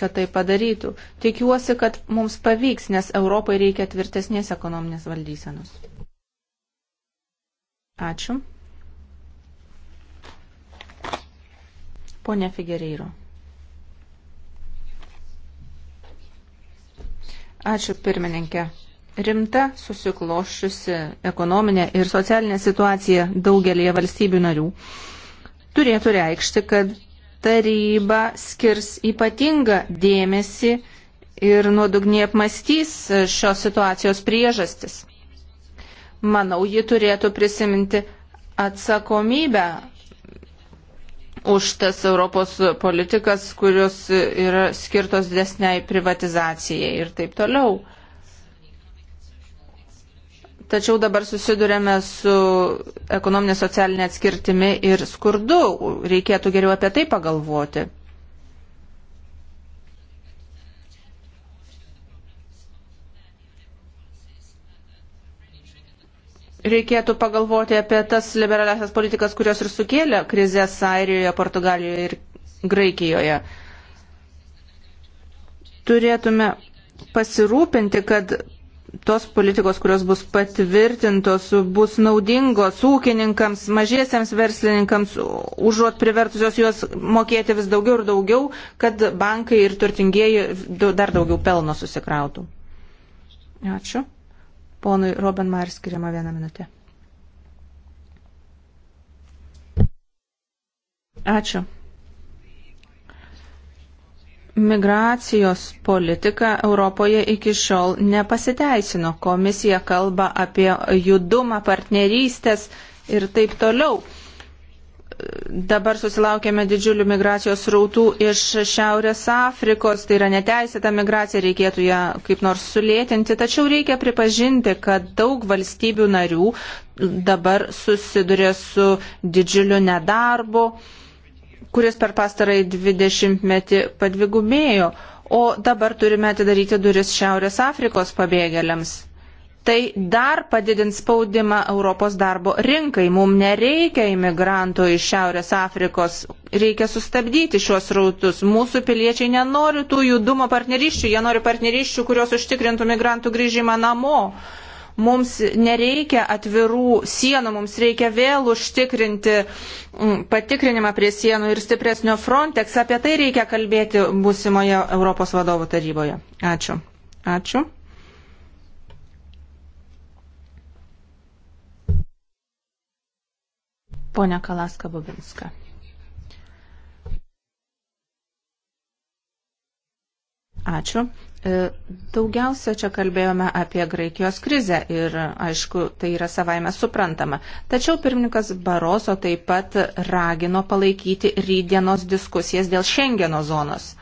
kad tai padarytų? Tikiuosi, kad mums pavyks, nes Europai reikia tvirtesnės ekonominės valdysenos. Ačiū. Pone Figereiro. Ačiū pirmininkė. Rimta susikloščiusi ekonominė ir socialinė situacija daugelie valstybių narių turėtų reikšti, kad taryba skirs ypatingą dėmesį ir nuodugniai apmastys šios situacijos priežastis. Manau, ji turėtų prisiminti atsakomybę už tas Europos politikas, kurios yra skirtos desniai privatizacijai ir taip toliau. Tačiau dabar susidurėme su ekonominė socialinė atskirtimi ir skurdu. Reikėtų geriau apie tai pagalvoti. reikėtų pagalvoti apie tas liberaliasias politikas, kurios ir sukėlė krizės Airijoje, Portugalijoje ir Graikijoje. Turėtume pasirūpinti, kad tos politikos, kurios bus patvirtintos, bus naudingos ūkininkams, mažiesiems verslininkams, užuot privertusios juos mokėti vis daugiau ir daugiau, kad bankai ir turtingieji dar daugiau pelno susikrautų. Ačiū. Ponui Robenmaier skiriama vieną minutę. Ačiū. Migracijos politika Europoje iki šiol nepasiteisino. Komisija kalba apie judumą, partnerystės ir taip toliau dabar susilaukėme didžiulių migracijos rautų iš Šiaurės Afrikos, tai yra neteisėta migracija, reikėtų ją kaip nors sulėtinti, tačiau reikia pripažinti, kad daug valstybių narių dabar susiduria su didžiuliu nedarbu, kuris per pastarąjį 20 metį padvigumėjo, o dabar turime atidaryti duris Šiaurės Afrikos pabėgėliams tai dar padidins spaudimą Europos darbo rinkai. Mums nereikia imigrantų iš Šiaurės Afrikos, reikia sustabdyti šiuos rautus. Mūsų piliečiai nenori tų judumo partneriščių, jie nori partneriščių, kurios užtikrintų migrantų grįžimą namo. Mums nereikia atvirų sienų, mums reikia vėl užtikrinti mm, patikrinimą prie sienų ir stipresnio Frontex. Apie tai reikia kalbėti būsimoje Europos vadovų taryboje. Ačiū. Ačiū. Pone Kalaska Bobinska. Ačiū. E, daugiausia čia kalbėjome apie Graikijos krizę ir, aišku, tai yra savaime suprantama. Tačiau pirmininkas Baroso taip pat ragino palaikyti rydienos diskusijas dėl Šengeno zonos.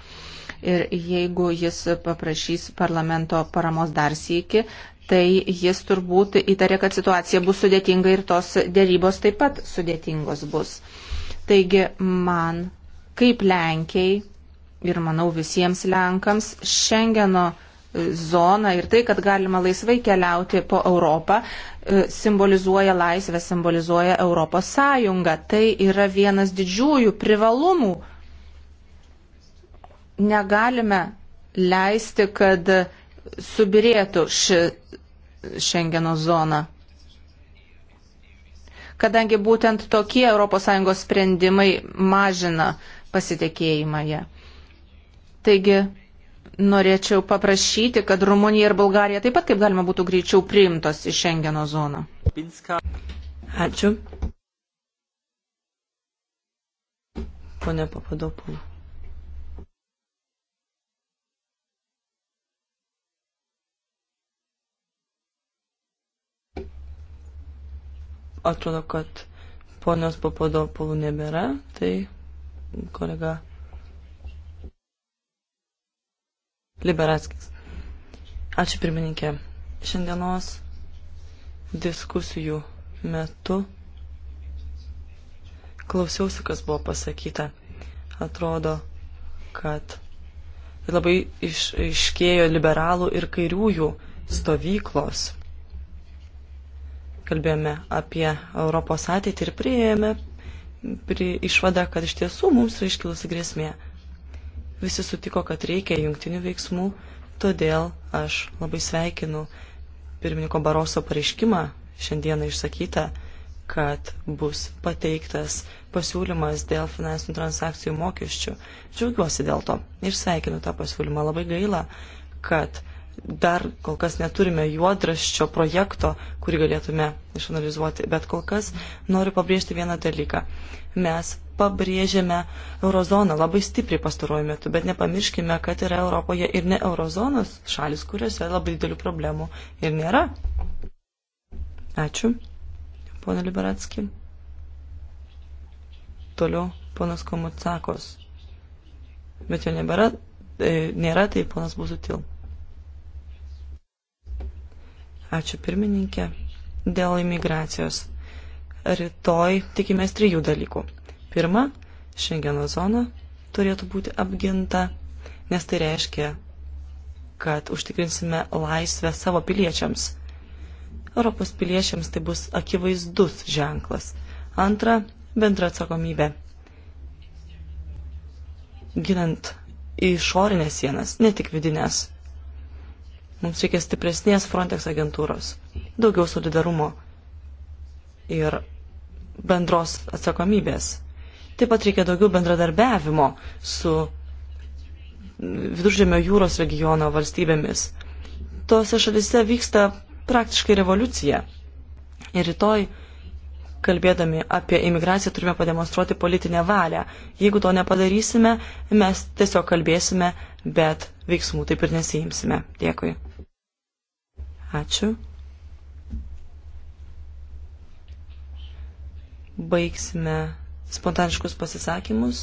Ir jeigu jis paprašys parlamento paramos dar sėki, tai jis turbūt įtarė, kad situacija bus sudėtinga ir tos dėrybos taip pat sudėtingos bus. Taigi man, kaip Lenkiai ir manau visiems Lenkams, Šengeno zona ir tai, kad galima laisvai keliauti po Europą, e, simbolizuoja laisvę, simbolizuoja Europos sąjungą. Tai yra vienas didžiųjų privalumų. Negalime leisti, kad subirėtų ši Šengeno zona. Kadangi būtent tokie ES sprendimai mažina pasitikėjimą ją. Taigi norėčiau paprašyti, kad Rumunija ir Bulgarija taip pat kaip galima būtų greičiau priimtos į Šengeno zoną. Ačiū. Pone Papadopulu. atrodo, kad ponios papadopulų nebėra, tai kolega Liberatskis. Ačiū pirmininkė. Šiandienos diskusijų metu klausiausi, kas buvo pasakyta. Atrodo, kad labai iš, iškėjo liberalų ir kairiųjų stovyklos kalbėjome apie Europos ateitį ir prieėjome prie išvadą, kad iš tiesų mums yra iškilusi grėsmė. Visi sutiko, kad reikia jungtinių veiksmų, todėl aš labai sveikinu pirmininko Baroso pareiškimą šiandieną išsakytą, kad bus pateiktas pasiūlymas dėl finansinių transakcijų mokesčių. Džiaugiuosi dėl to ir sveikinu tą pasiūlymą. Labai gaila, kad dar kol kas neturime juodraščio projekto, kurį galėtume išanalizuoti, bet kol kas noriu pabrėžti vieną dalyką. Mes pabrėžėme eurozoną labai stipriai pastaruoju metu, bet nepamirškime, kad yra Europoje ir ne eurozonos šalis, kuriuose labai didelių problemų ir nėra. Ačiū, ponė Liberatski. Toliau ponas Komutsakos. Bet jo nebėra, e, nėra, tai ponas Buzutil. Ačiū pirmininkė. Dėl imigracijos. Rytoj tikimės trijų dalykų. Pirma, Šengeno zona turėtų būti apginta, nes tai reiškia, kad užtikrinsime laisvę savo piliečiams. Europos piliečiams tai bus akivaizdus ženklas. Antra, bendra atsakomybė. Ginant išorinės sienas, ne tik vidinės Mums reikia stipresnės Frontex agentūros, daugiau solidarumo ir bendros atsakomybės. Taip pat reikia daugiau bendradarbiavimo su Viduržėmio jūros regiono valstybėmis. Tose šalise vyksta praktiškai revoliucija. Ir rytoj, kalbėdami apie imigraciją, turime pademonstruoti politinę valią. Jeigu to nepadarysime, mes tiesiog kalbėsime, bet veiksmų taip ir nesijimsime. Dėkui. Ačiū. Baigsime spontaniškus pasisakymus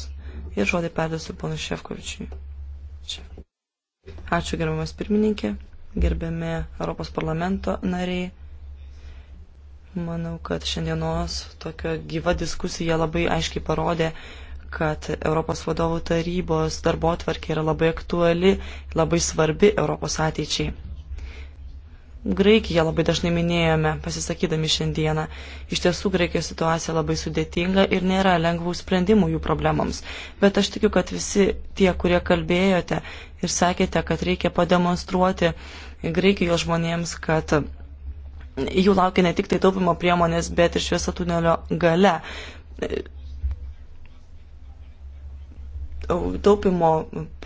ir žodį perduosiu ponu Šefkovičiui. Ačiū gerbiamas pirmininkė, gerbiami Europos parlamento nariai. Manau, kad šiandienos tokia gyva diskusija labai aiškiai parodė, kad Europos vadovų tarybos darbo tvarkė yra labai aktuali, labai svarbi Europos ateičiai. Graikiją labai dažnai minėjome, pasisakydami šiandieną. Iš tiesų, Graikijos situacija labai sudėtinga ir nėra lengvų sprendimų jų problemams. Bet aš tikiu, kad visi tie, kurie kalbėjote ir sakėte, kad reikia pademonstruoti Graikijos žmonėms, kad jų laukia ne tik tai taupimo priemonės, bet ir šviesa tunelio gale. Taupimo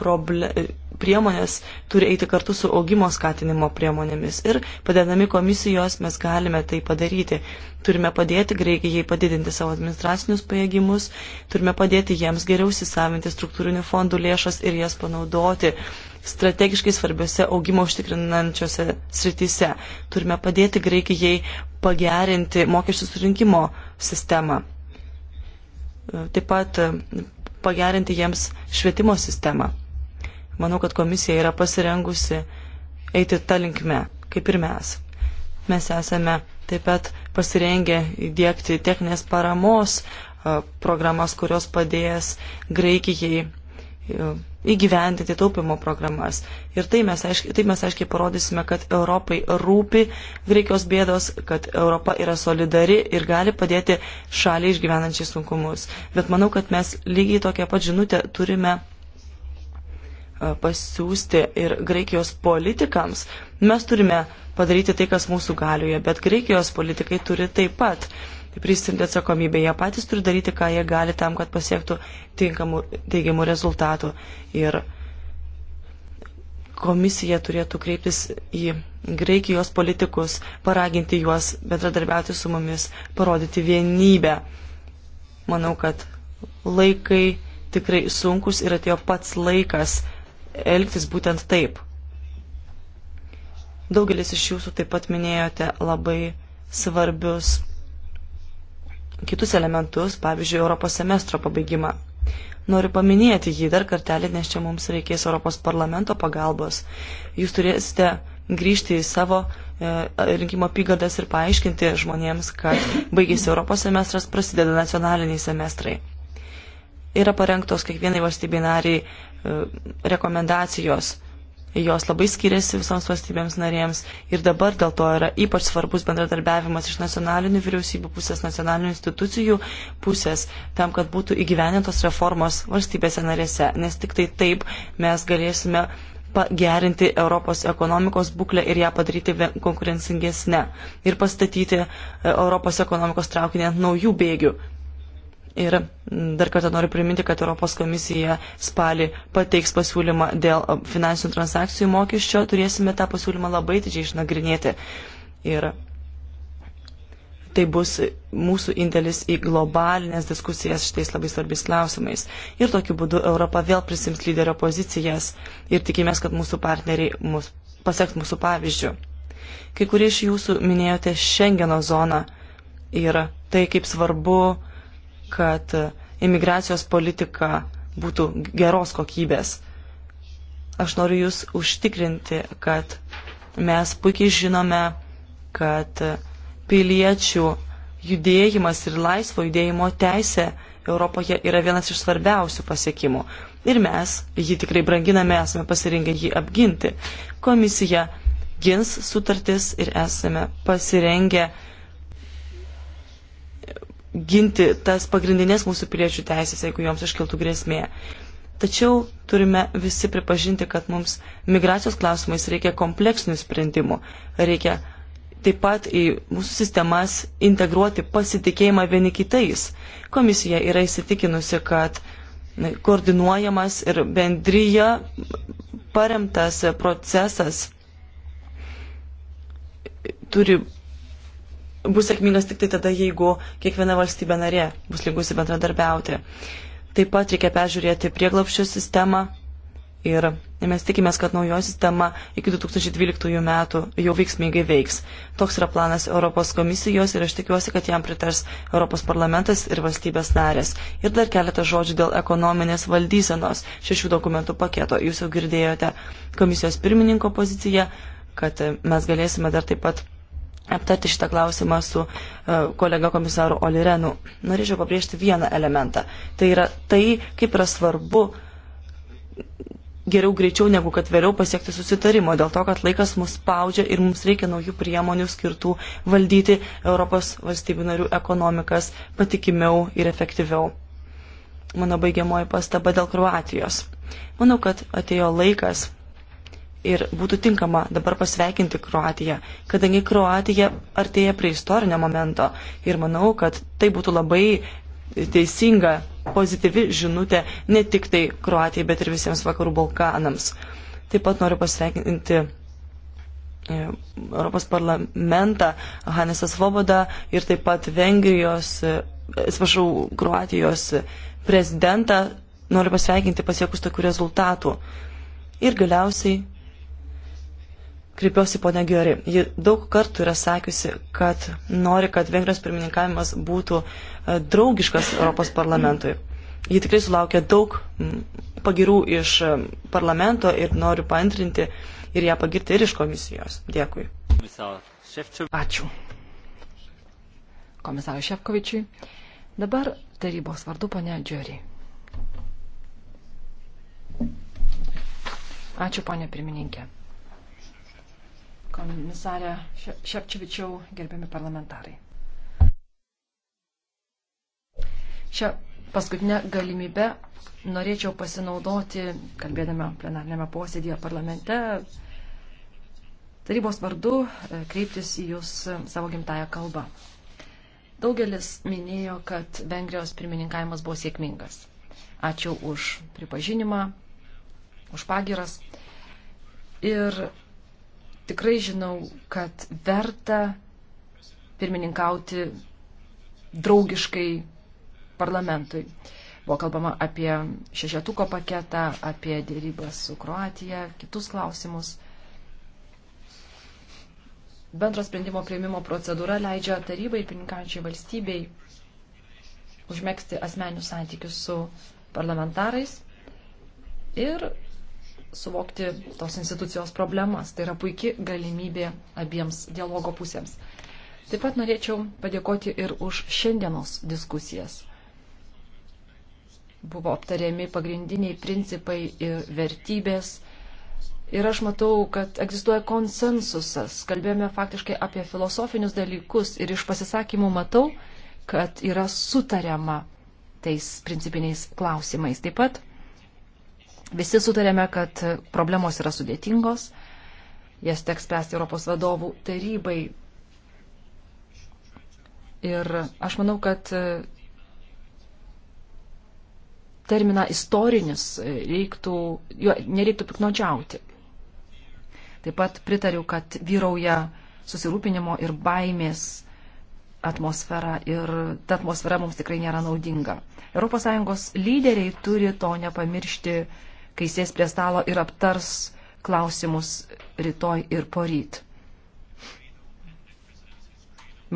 problemų priemonės turi eiti kartu su augimo skatinimo priemonėmis ir padedami komisijos mes galime tai padaryti. Turime padėti Greikijai padidinti savo administracinius pajėgimus, turime padėti jiems geriau įsisavinti struktūrinių fondų lėšas ir jas panaudoti strategiškai svarbiose augimo užtikrinančiose srityse. Turime padėti Greikijai pagerinti mokesčių surinkimo sistemą. Taip pat pagerinti jiems švietimo sistemą. Manau, kad komisija yra pasirengusi eiti tą linkme, kaip ir mes. Mes esame taip pat pasirengę įdėkti techninės paramos programas, kurios padės Graikijai įgyvendinti taupimo programas. Ir tai mes, aiškiai, tai mes aiškiai parodysime, kad Europai rūpi Graikijos bėdos, kad Europa yra solidari ir gali padėti šaliai išgyvenančiai sunkumus. Bet manau, kad mes lygiai tokią pat žinutę turime pasiūsti ir Graikijos politikams, mes turime padaryti tai, kas mūsų galioje, bet Graikijos politikai turi taip pat prisimti atsakomybę. Jie patys turi daryti, ką jie gali tam, kad pasiektų tinkamų teigiamų rezultatų. Ir komisija turėtų kreiptis į Graikijos politikus, paraginti juos bendradarbiauti su mumis, parodyti vienybę. Manau, kad laikai tikrai sunkus ir atėjo pats laikas elgtis būtent taip. Daugelis iš jūsų taip pat minėjote labai svarbius kitus elementus, pavyzdžiui, Europos semestro pabaigimą. Noriu paminėti jį dar kartelį, nes čia mums reikės Europos parlamento pagalbos. Jūs turėsite grįžti į savo e, rinkimo apygardas ir paaiškinti žmonėms, kad baigėsi Europos semestras, prasideda nacionaliniai semestrai. Yra parengtos kiekvienai valstybei nariai E, rekomendacijos. Jos labai skiriasi visoms valstybėms narėms ir dabar dėl to yra ypač svarbus bendradarbiavimas iš nacionalinių vyriausybių pusės, nacionalinių institucijų pusės, tam, kad būtų įgyvenintos reformos valstybėse narėse, nes tik tai taip mes galėsime pagerinti Europos ekonomikos būklę ir ją padaryti konkurencingesnę ir pastatyti e, Europos ekonomikos traukinį ant naujų bėgių. Ir dar kartą noriu priminti, kad Europos komisija spalį pateiks pasiūlymą dėl e, finansinių transakcijų mokesčio. Turėsime tą pasiūlymą labai didžiai išnagrinėti. Ir tai bus mūsų indėlis į globalinės diskusijas šitais labai svarbiais klausimais. Ir tokiu būdu Europa vėl prisims lyderio pozicijas ir tikimės, kad mūsų partneriai mus, pasieks mūsų pavyzdžių. Kai kurie iš jūsų minėjote Schengeno zoną ir tai, kaip svarbu kad imigracijos politika būtų geros kokybės. Aš noriu Jūs užtikrinti, kad mes puikiai žinome, kad piliečių judėjimas ir laisvo judėjimo teisė Europoje yra vienas iš svarbiausių pasiekimų. Ir mes jį tikrai branginame, esame pasirengę jį apginti. Komisija gins sutartis ir esame pasirengę uh, ginti tas pagrindinės mūsų piliečių teisės, jeigu joms iškiltų grėsmė. Tačiau turime visi pripažinti, kad mums migracijos klausimais reikia kompleksinių sprendimų. Reikia taip pat į mūsų sistemas integruoti pasitikėjimą vieni kitais. Komisija yra įsitikinusi, kad koordinuojamas ir bendryje paremtas procesas turi bus sėkmingas tik tai tada, jeigu kiekviena valstybė narė bus lygusi bendradarbiauti. Taip pat reikia peržiūrėti prieglapščio sistemą ir mes tikimės, kad naujo sistema iki 2012 metų jau veiksmingai veiks. Toks yra planas Europos komisijos ir aš tikiuosi, kad jam pritars Europos parlamentas ir valstybės narės. Ir dar keletą žodžių dėl ekonominės valdysenos šešių dokumentų paketo. Jūs jau girdėjote komisijos pirmininko poziciją, kad mes galėsime dar taip pat aptarti šitą klausimą su e, kolega komisaru Olirenu. Norėčiau pabrėžti vieną elementą. Tai yra tai, kaip yra svarbu geriau greičiau negu kad vėliau pasiekti susitarimo, dėl to, kad laikas mus spaudžia ir mums reikia naujų priemonių skirtų valdyti Europos valstybių narių ekonomikas patikimiau ir efektyviau. Mano baigiamoji pastaba dėl Kroatijos. Manau, kad atėjo laikas ir būtų tinkama dabar pasveikinti Kroatiją, kadangi Kroatija artėja prie istorinio momento ir manau, kad tai būtų labai teisinga, pozityvi žinutė ne tik tai Kroatijai, bet ir visiems vakarų Balkanams. Taip pat noriu pasveikinti e, Europos parlamentą, Hanesas Voboda ir taip pat Vengrijos, e, atsiprašau, Kroatijos prezidentą noriu pasveikinti pasiekus tokių rezultatų. Ir galiausiai kreipiuosi ponia Giori. Ji daug kartų yra sakiusi, kad nori, kad Vengrijos pirmininkavimas būtų e, draugiškas Europos parlamentui. Ji tikrai sulaukė daug pagirų iš e, parlamento ir noriu paantrinti ir ją pagirti ir iš komisijos. Dėkui. Ačiū. Komisarui Šefkovičiui. Dabar tarybos vardu ponia Džiori. Ačiū ponia pirmininkė komisarė Šepčevičiau, gerbiami parlamentarai. Šią paskutinę galimybę norėčiau pasinaudoti, kalbėdama plenarnėme posėdėje parlamente, tarybos vardu e, kreiptis į Jūs savo gimtają kalbą. Daugelis minėjo, kad Vengrijos pirmininkavimas buvo sėkmingas. Ačiū už pripažinimą, už pagiras. Ir tikrai žinau, kad verta pirmininkauti draugiškai parlamentui. Buvo kalbama apie šešetuko paketą, apie dėrybas su Kroatija, kitus klausimus. Bendro sprendimo prieimimo procedūra leidžia tarybai, pirmininkančiai valstybei, užmėgsti asmenius santykius su parlamentarais ir suvokti tos institucijos problemas. Tai yra puikia galimybė abiems dialogo pusėms. Taip pat norėčiau padėkoti ir už šiandienos diskusijas. Buvo aptariami pagrindiniai principai ir vertybės. Ir aš matau, kad egzistuoja konsensusas. Kalbėjome faktiškai apie filosofinius dalykus ir iš pasisakymų matau, kad yra sutariama tais principiniais klausimais. Taip pat Visi sutarėme, kad problemos yra sudėtingos, jas teks spręsti Europos vadovų tarybai. Ir aš manau, kad e, terminą istorinis e, reiktų, jo nereiktų piknodžiauti. Taip pat pritariu, kad vyrauja susirūpinimo ir baimės atmosfera ir ta atmosfera mums tikrai nėra naudinga. ES lyderiai turi to nepamiršti kai sės prie stalo ir aptars klausimus rytoj ir poryt.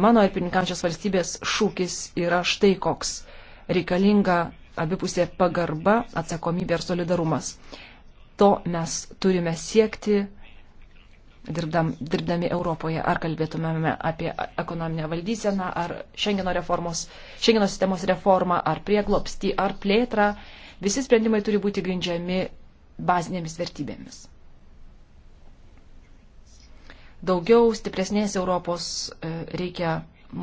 Mano ir pirmininkančios valstybės šūkis yra štai koks - reikalinga abipusė pagarba, atsakomybė ir solidarumas. To mes turime siekti dirbdam, dirbdami Europoje, ar kalbėtumėme apie ekonominę valdyseną, ar Šengeno, reformos, Šengeno sistemos reformą, ar prieglopstį, ar plėtrą, Visi sprendimai turi būti grindžiami bazinėmis vertybėmis. Daugiau stipresnės Europos e, reikia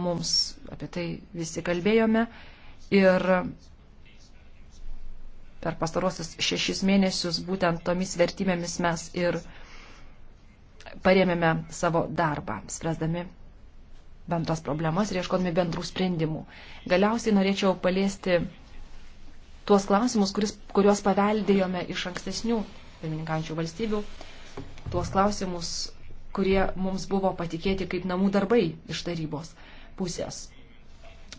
mums, apie tai visi kalbėjome. Ir per pastarosius šešis mėnesius būtent tomis vertybėmis mes ir paremėme savo darbą, spręsdami bendras problemas ir ieškodami bendrų sprendimų. Galiausiai norėčiau paliesti tuos klausimus, kuris, kuriuos paveldėjome iš ankstesnių pirmininkančių valstybių, tuos klausimus, kurie mums buvo patikėti kaip namų darbai iš tarybos pusės.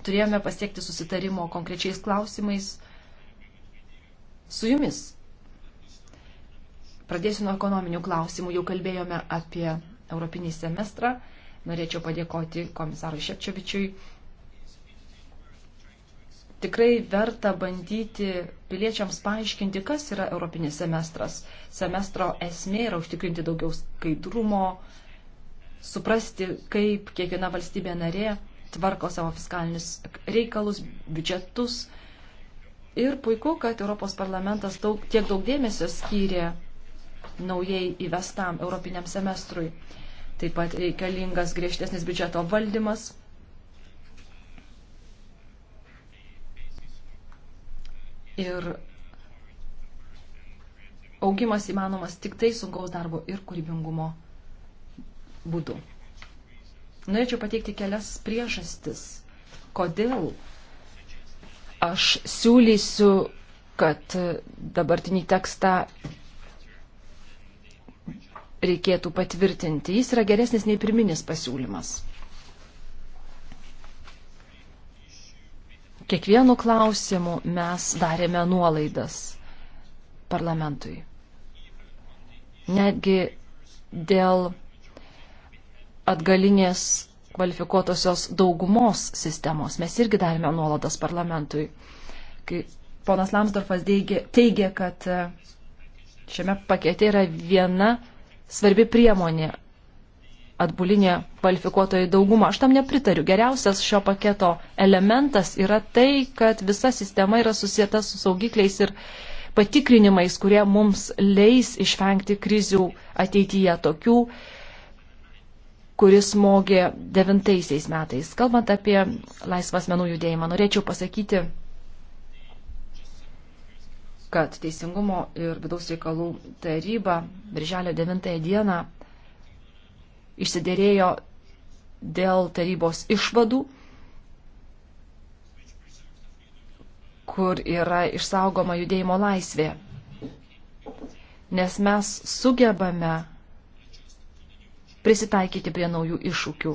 Turėjome pasiekti susitarimo konkrečiais klausimais su jumis. Pradėsiu nuo ekonominių klausimų. Jau kalbėjome apie Europinį semestrą. Norėčiau padėkoti komisarui Šepčiovičiui tikrai verta bandyti piliečiams paaiškinti, kas yra Europinis semestras. Semestro esmė yra užtikrinti daugiau skaidrumo, suprasti, kaip kiekviena valstybė narė tvarko savo fiskalinius reikalus, biudžetus. Ir puiku, kad Europos parlamentas daug, tiek daug dėmesio skyrė naujai įvestam Europiniam semestrui. Taip pat reikalingas griežtesnis biudžeto valdymas, Ir augimas įmanomas tik tai sunkaus darbo ir kūrybingumo būdu. Norėčiau pateikti kelias priežastis, kodėl aš siūlysiu, kad dabartinį tekstą reikėtų patvirtinti. Jis yra geresnis nei pirminis pasiūlymas. kiekvienu klausimu mes darėme nuolaidas parlamentui. Netgi dėl atgalinės kvalifikuotosios daugumos sistemos mes irgi darėme nuolaidas parlamentui. Kai ponas Lamsdorfas teigė, kad šiame pakete yra viena svarbi priemonė atbulinė kvalifikuotojai dauguma. Aš tam nepritariu. Geriausias šio paketo elementas yra tai, kad visa sistema yra susijęta su saugikliais ir patikrinimais, kurie mums leis išvengti krizių ateityje tokių, kuris smogė devintaisiais metais. Kalbant apie laisvas menų judėjimą, norėčiau pasakyti, kad Teisingumo ir vidaus reikalų taryba Birželio 9 dieną išsiderėjo dėl tarybos išvadų, kur yra išsaugoma judėjimo laisvė. Nes mes sugebame prisitaikyti prie naujų iššūkių.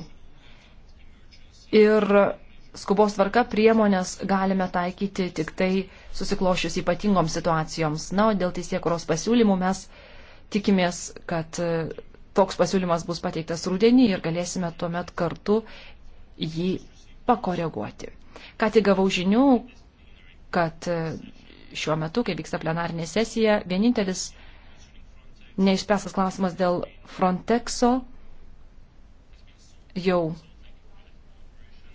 Ir skubos tvarka priemonės galime taikyti tik tai susiklošius ypatingoms situacijoms. Na, o dėl teisėkuros pasiūlymų mes tikimės, kad toks pasiūlymas bus pateiktas rūdienį ir galėsime tuomet kartu jį pakoreguoti. Ką tik gavau žinių, kad e, šiuo metu, kai vyksta plenarinė sesija, vienintelis neišspręstas klausimas dėl Frontexo jau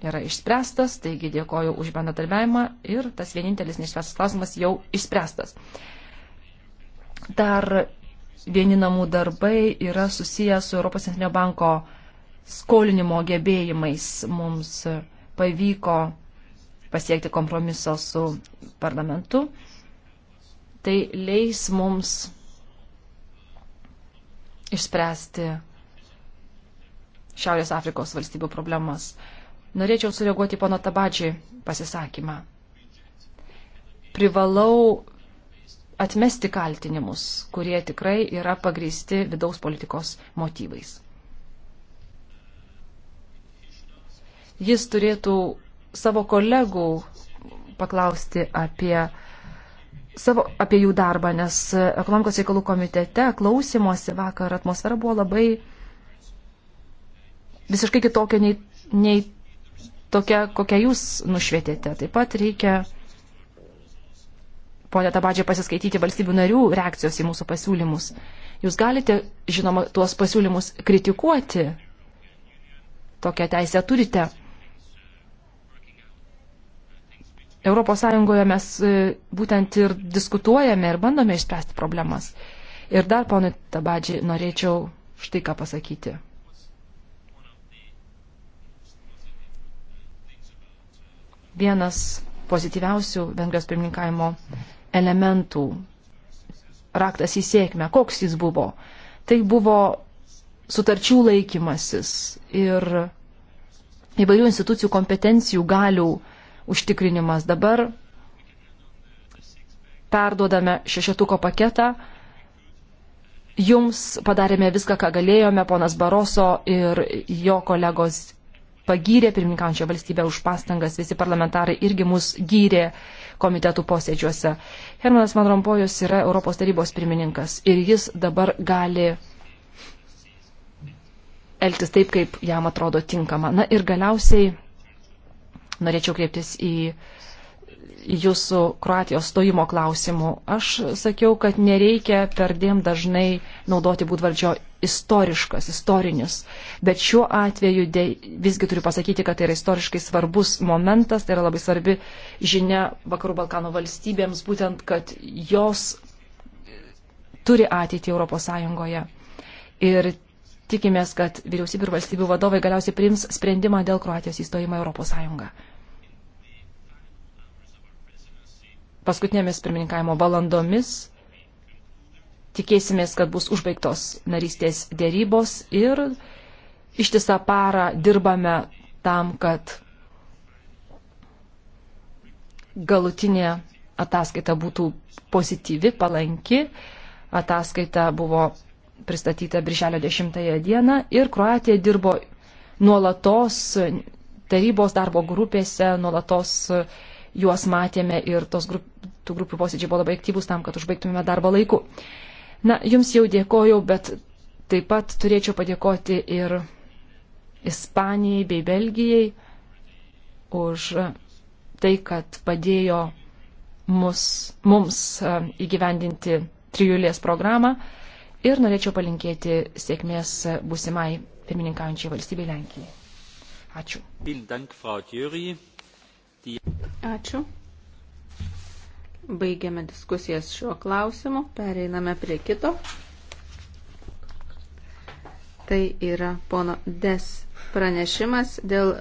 yra išspręstas, taigi dėkoju už bendradarbiavimą ir tas vienintelis neišspręstas klausimas jau išspręstas. Dar vieni namų darbai yra susijęs su Europos Centrinio banko skolinimo gebėjimais. Mums pavyko pasiekti kompromiso su parlamentu. Tai leis mums išspręsti Šiaurės Afrikos valstybių problemas. Norėčiau sureaguoti pono Tabadžiai pasisakymą. Privalau atmesti kaltinimus, kurie tikrai yra pagristi vidaus politikos motyvais. Jis turėtų savo kolegų paklausti apie, savo, apie jų darbą, nes ekonomikos reikalų komitete klausimuose vakar atmosfera buvo labai visiškai kitokia nei, nei tokia, kokią jūs nušvietėte. Taip pat reikia ponė Tabadžiai, pasiskaityti valstybių narių reakcijos į mūsų pasiūlymus. Jūs galite, žinoma, tuos pasiūlymus kritikuoti. Tokią teisę turite. Europos Sąjungoje mes e, būtent ir diskutuojame ir bandome išspręsti problemas. Ir dar, ponai Tabadžiai, norėčiau štai ką pasakyti. Vienas pozityviausių Vengrijos pirmininkavimo elementų, raktas į sėkmę, koks jis buvo. Tai buvo sutarčių laikymasis ir įvairių institucijų kompetencijų galių užtikrinimas. Dabar perduodame šešetuko paketą. Jums padarėme viską, ką galėjome, ponas Baroso ir jo kolegos pagyrė pirmininkančią valstybę už pastangas, visi parlamentarai irgi mus gyrė komitetų posėdžiuose. Hermanas Van Rompojus yra Europos tarybos pirmininkas ir jis dabar gali elgtis taip, kaip jam atrodo tinkama. Na ir galiausiai norėčiau kreiptis į jūsų Kroatijos stojimo klausimų. Aš sakiau, kad nereikia perdėm dažnai naudoti būdvardžio istoriškas, istorinis. Bet šiuo atveju dė, visgi turiu pasakyti, kad tai yra istoriškai svarbus momentas, tai yra labai svarbi žinia Vakarų Balkanų valstybėms, būtent, kad jos turi ateitį Europos Sąjungoje. Ir tikimės, kad vyriausybė ir valstybių vadovai galiausiai priims sprendimą dėl Kroatijos įstojimo Europos Sąjungą. Paskutinėmis pirmininkavimo valandomis tikėsimės, kad bus užbaigtos narystės dėrybos ir ištisą parą dirbame tam, kad galutinė ataskaita būtų pozityvi, palanki. Ataskaita buvo pristatyta birželio 10 dieną ir Kroatija dirbo nuolatos tarybos darbo grupėse, nuolatos juos matėme ir tos grup, tų grupių posėdžiai buvo labai aktyvus tam, kad užbaigtumėme darbą laiku. Uh, Na, jums jau dėkojau, bet taip pat turėčiau padėkoti ir Ispanijai bei Belgijai už tai, kad padėjo mus, mums įgyvendinti trijulės programą ir norėčiau palinkėti sėkmės būsimai pirmininkaujančiai valstybei Lenkijai. Ačiū. Ačiū. Baigiame diskusijas šiuo klausimu, pereiname prie kito. Tai yra pono Des pranešimas dėl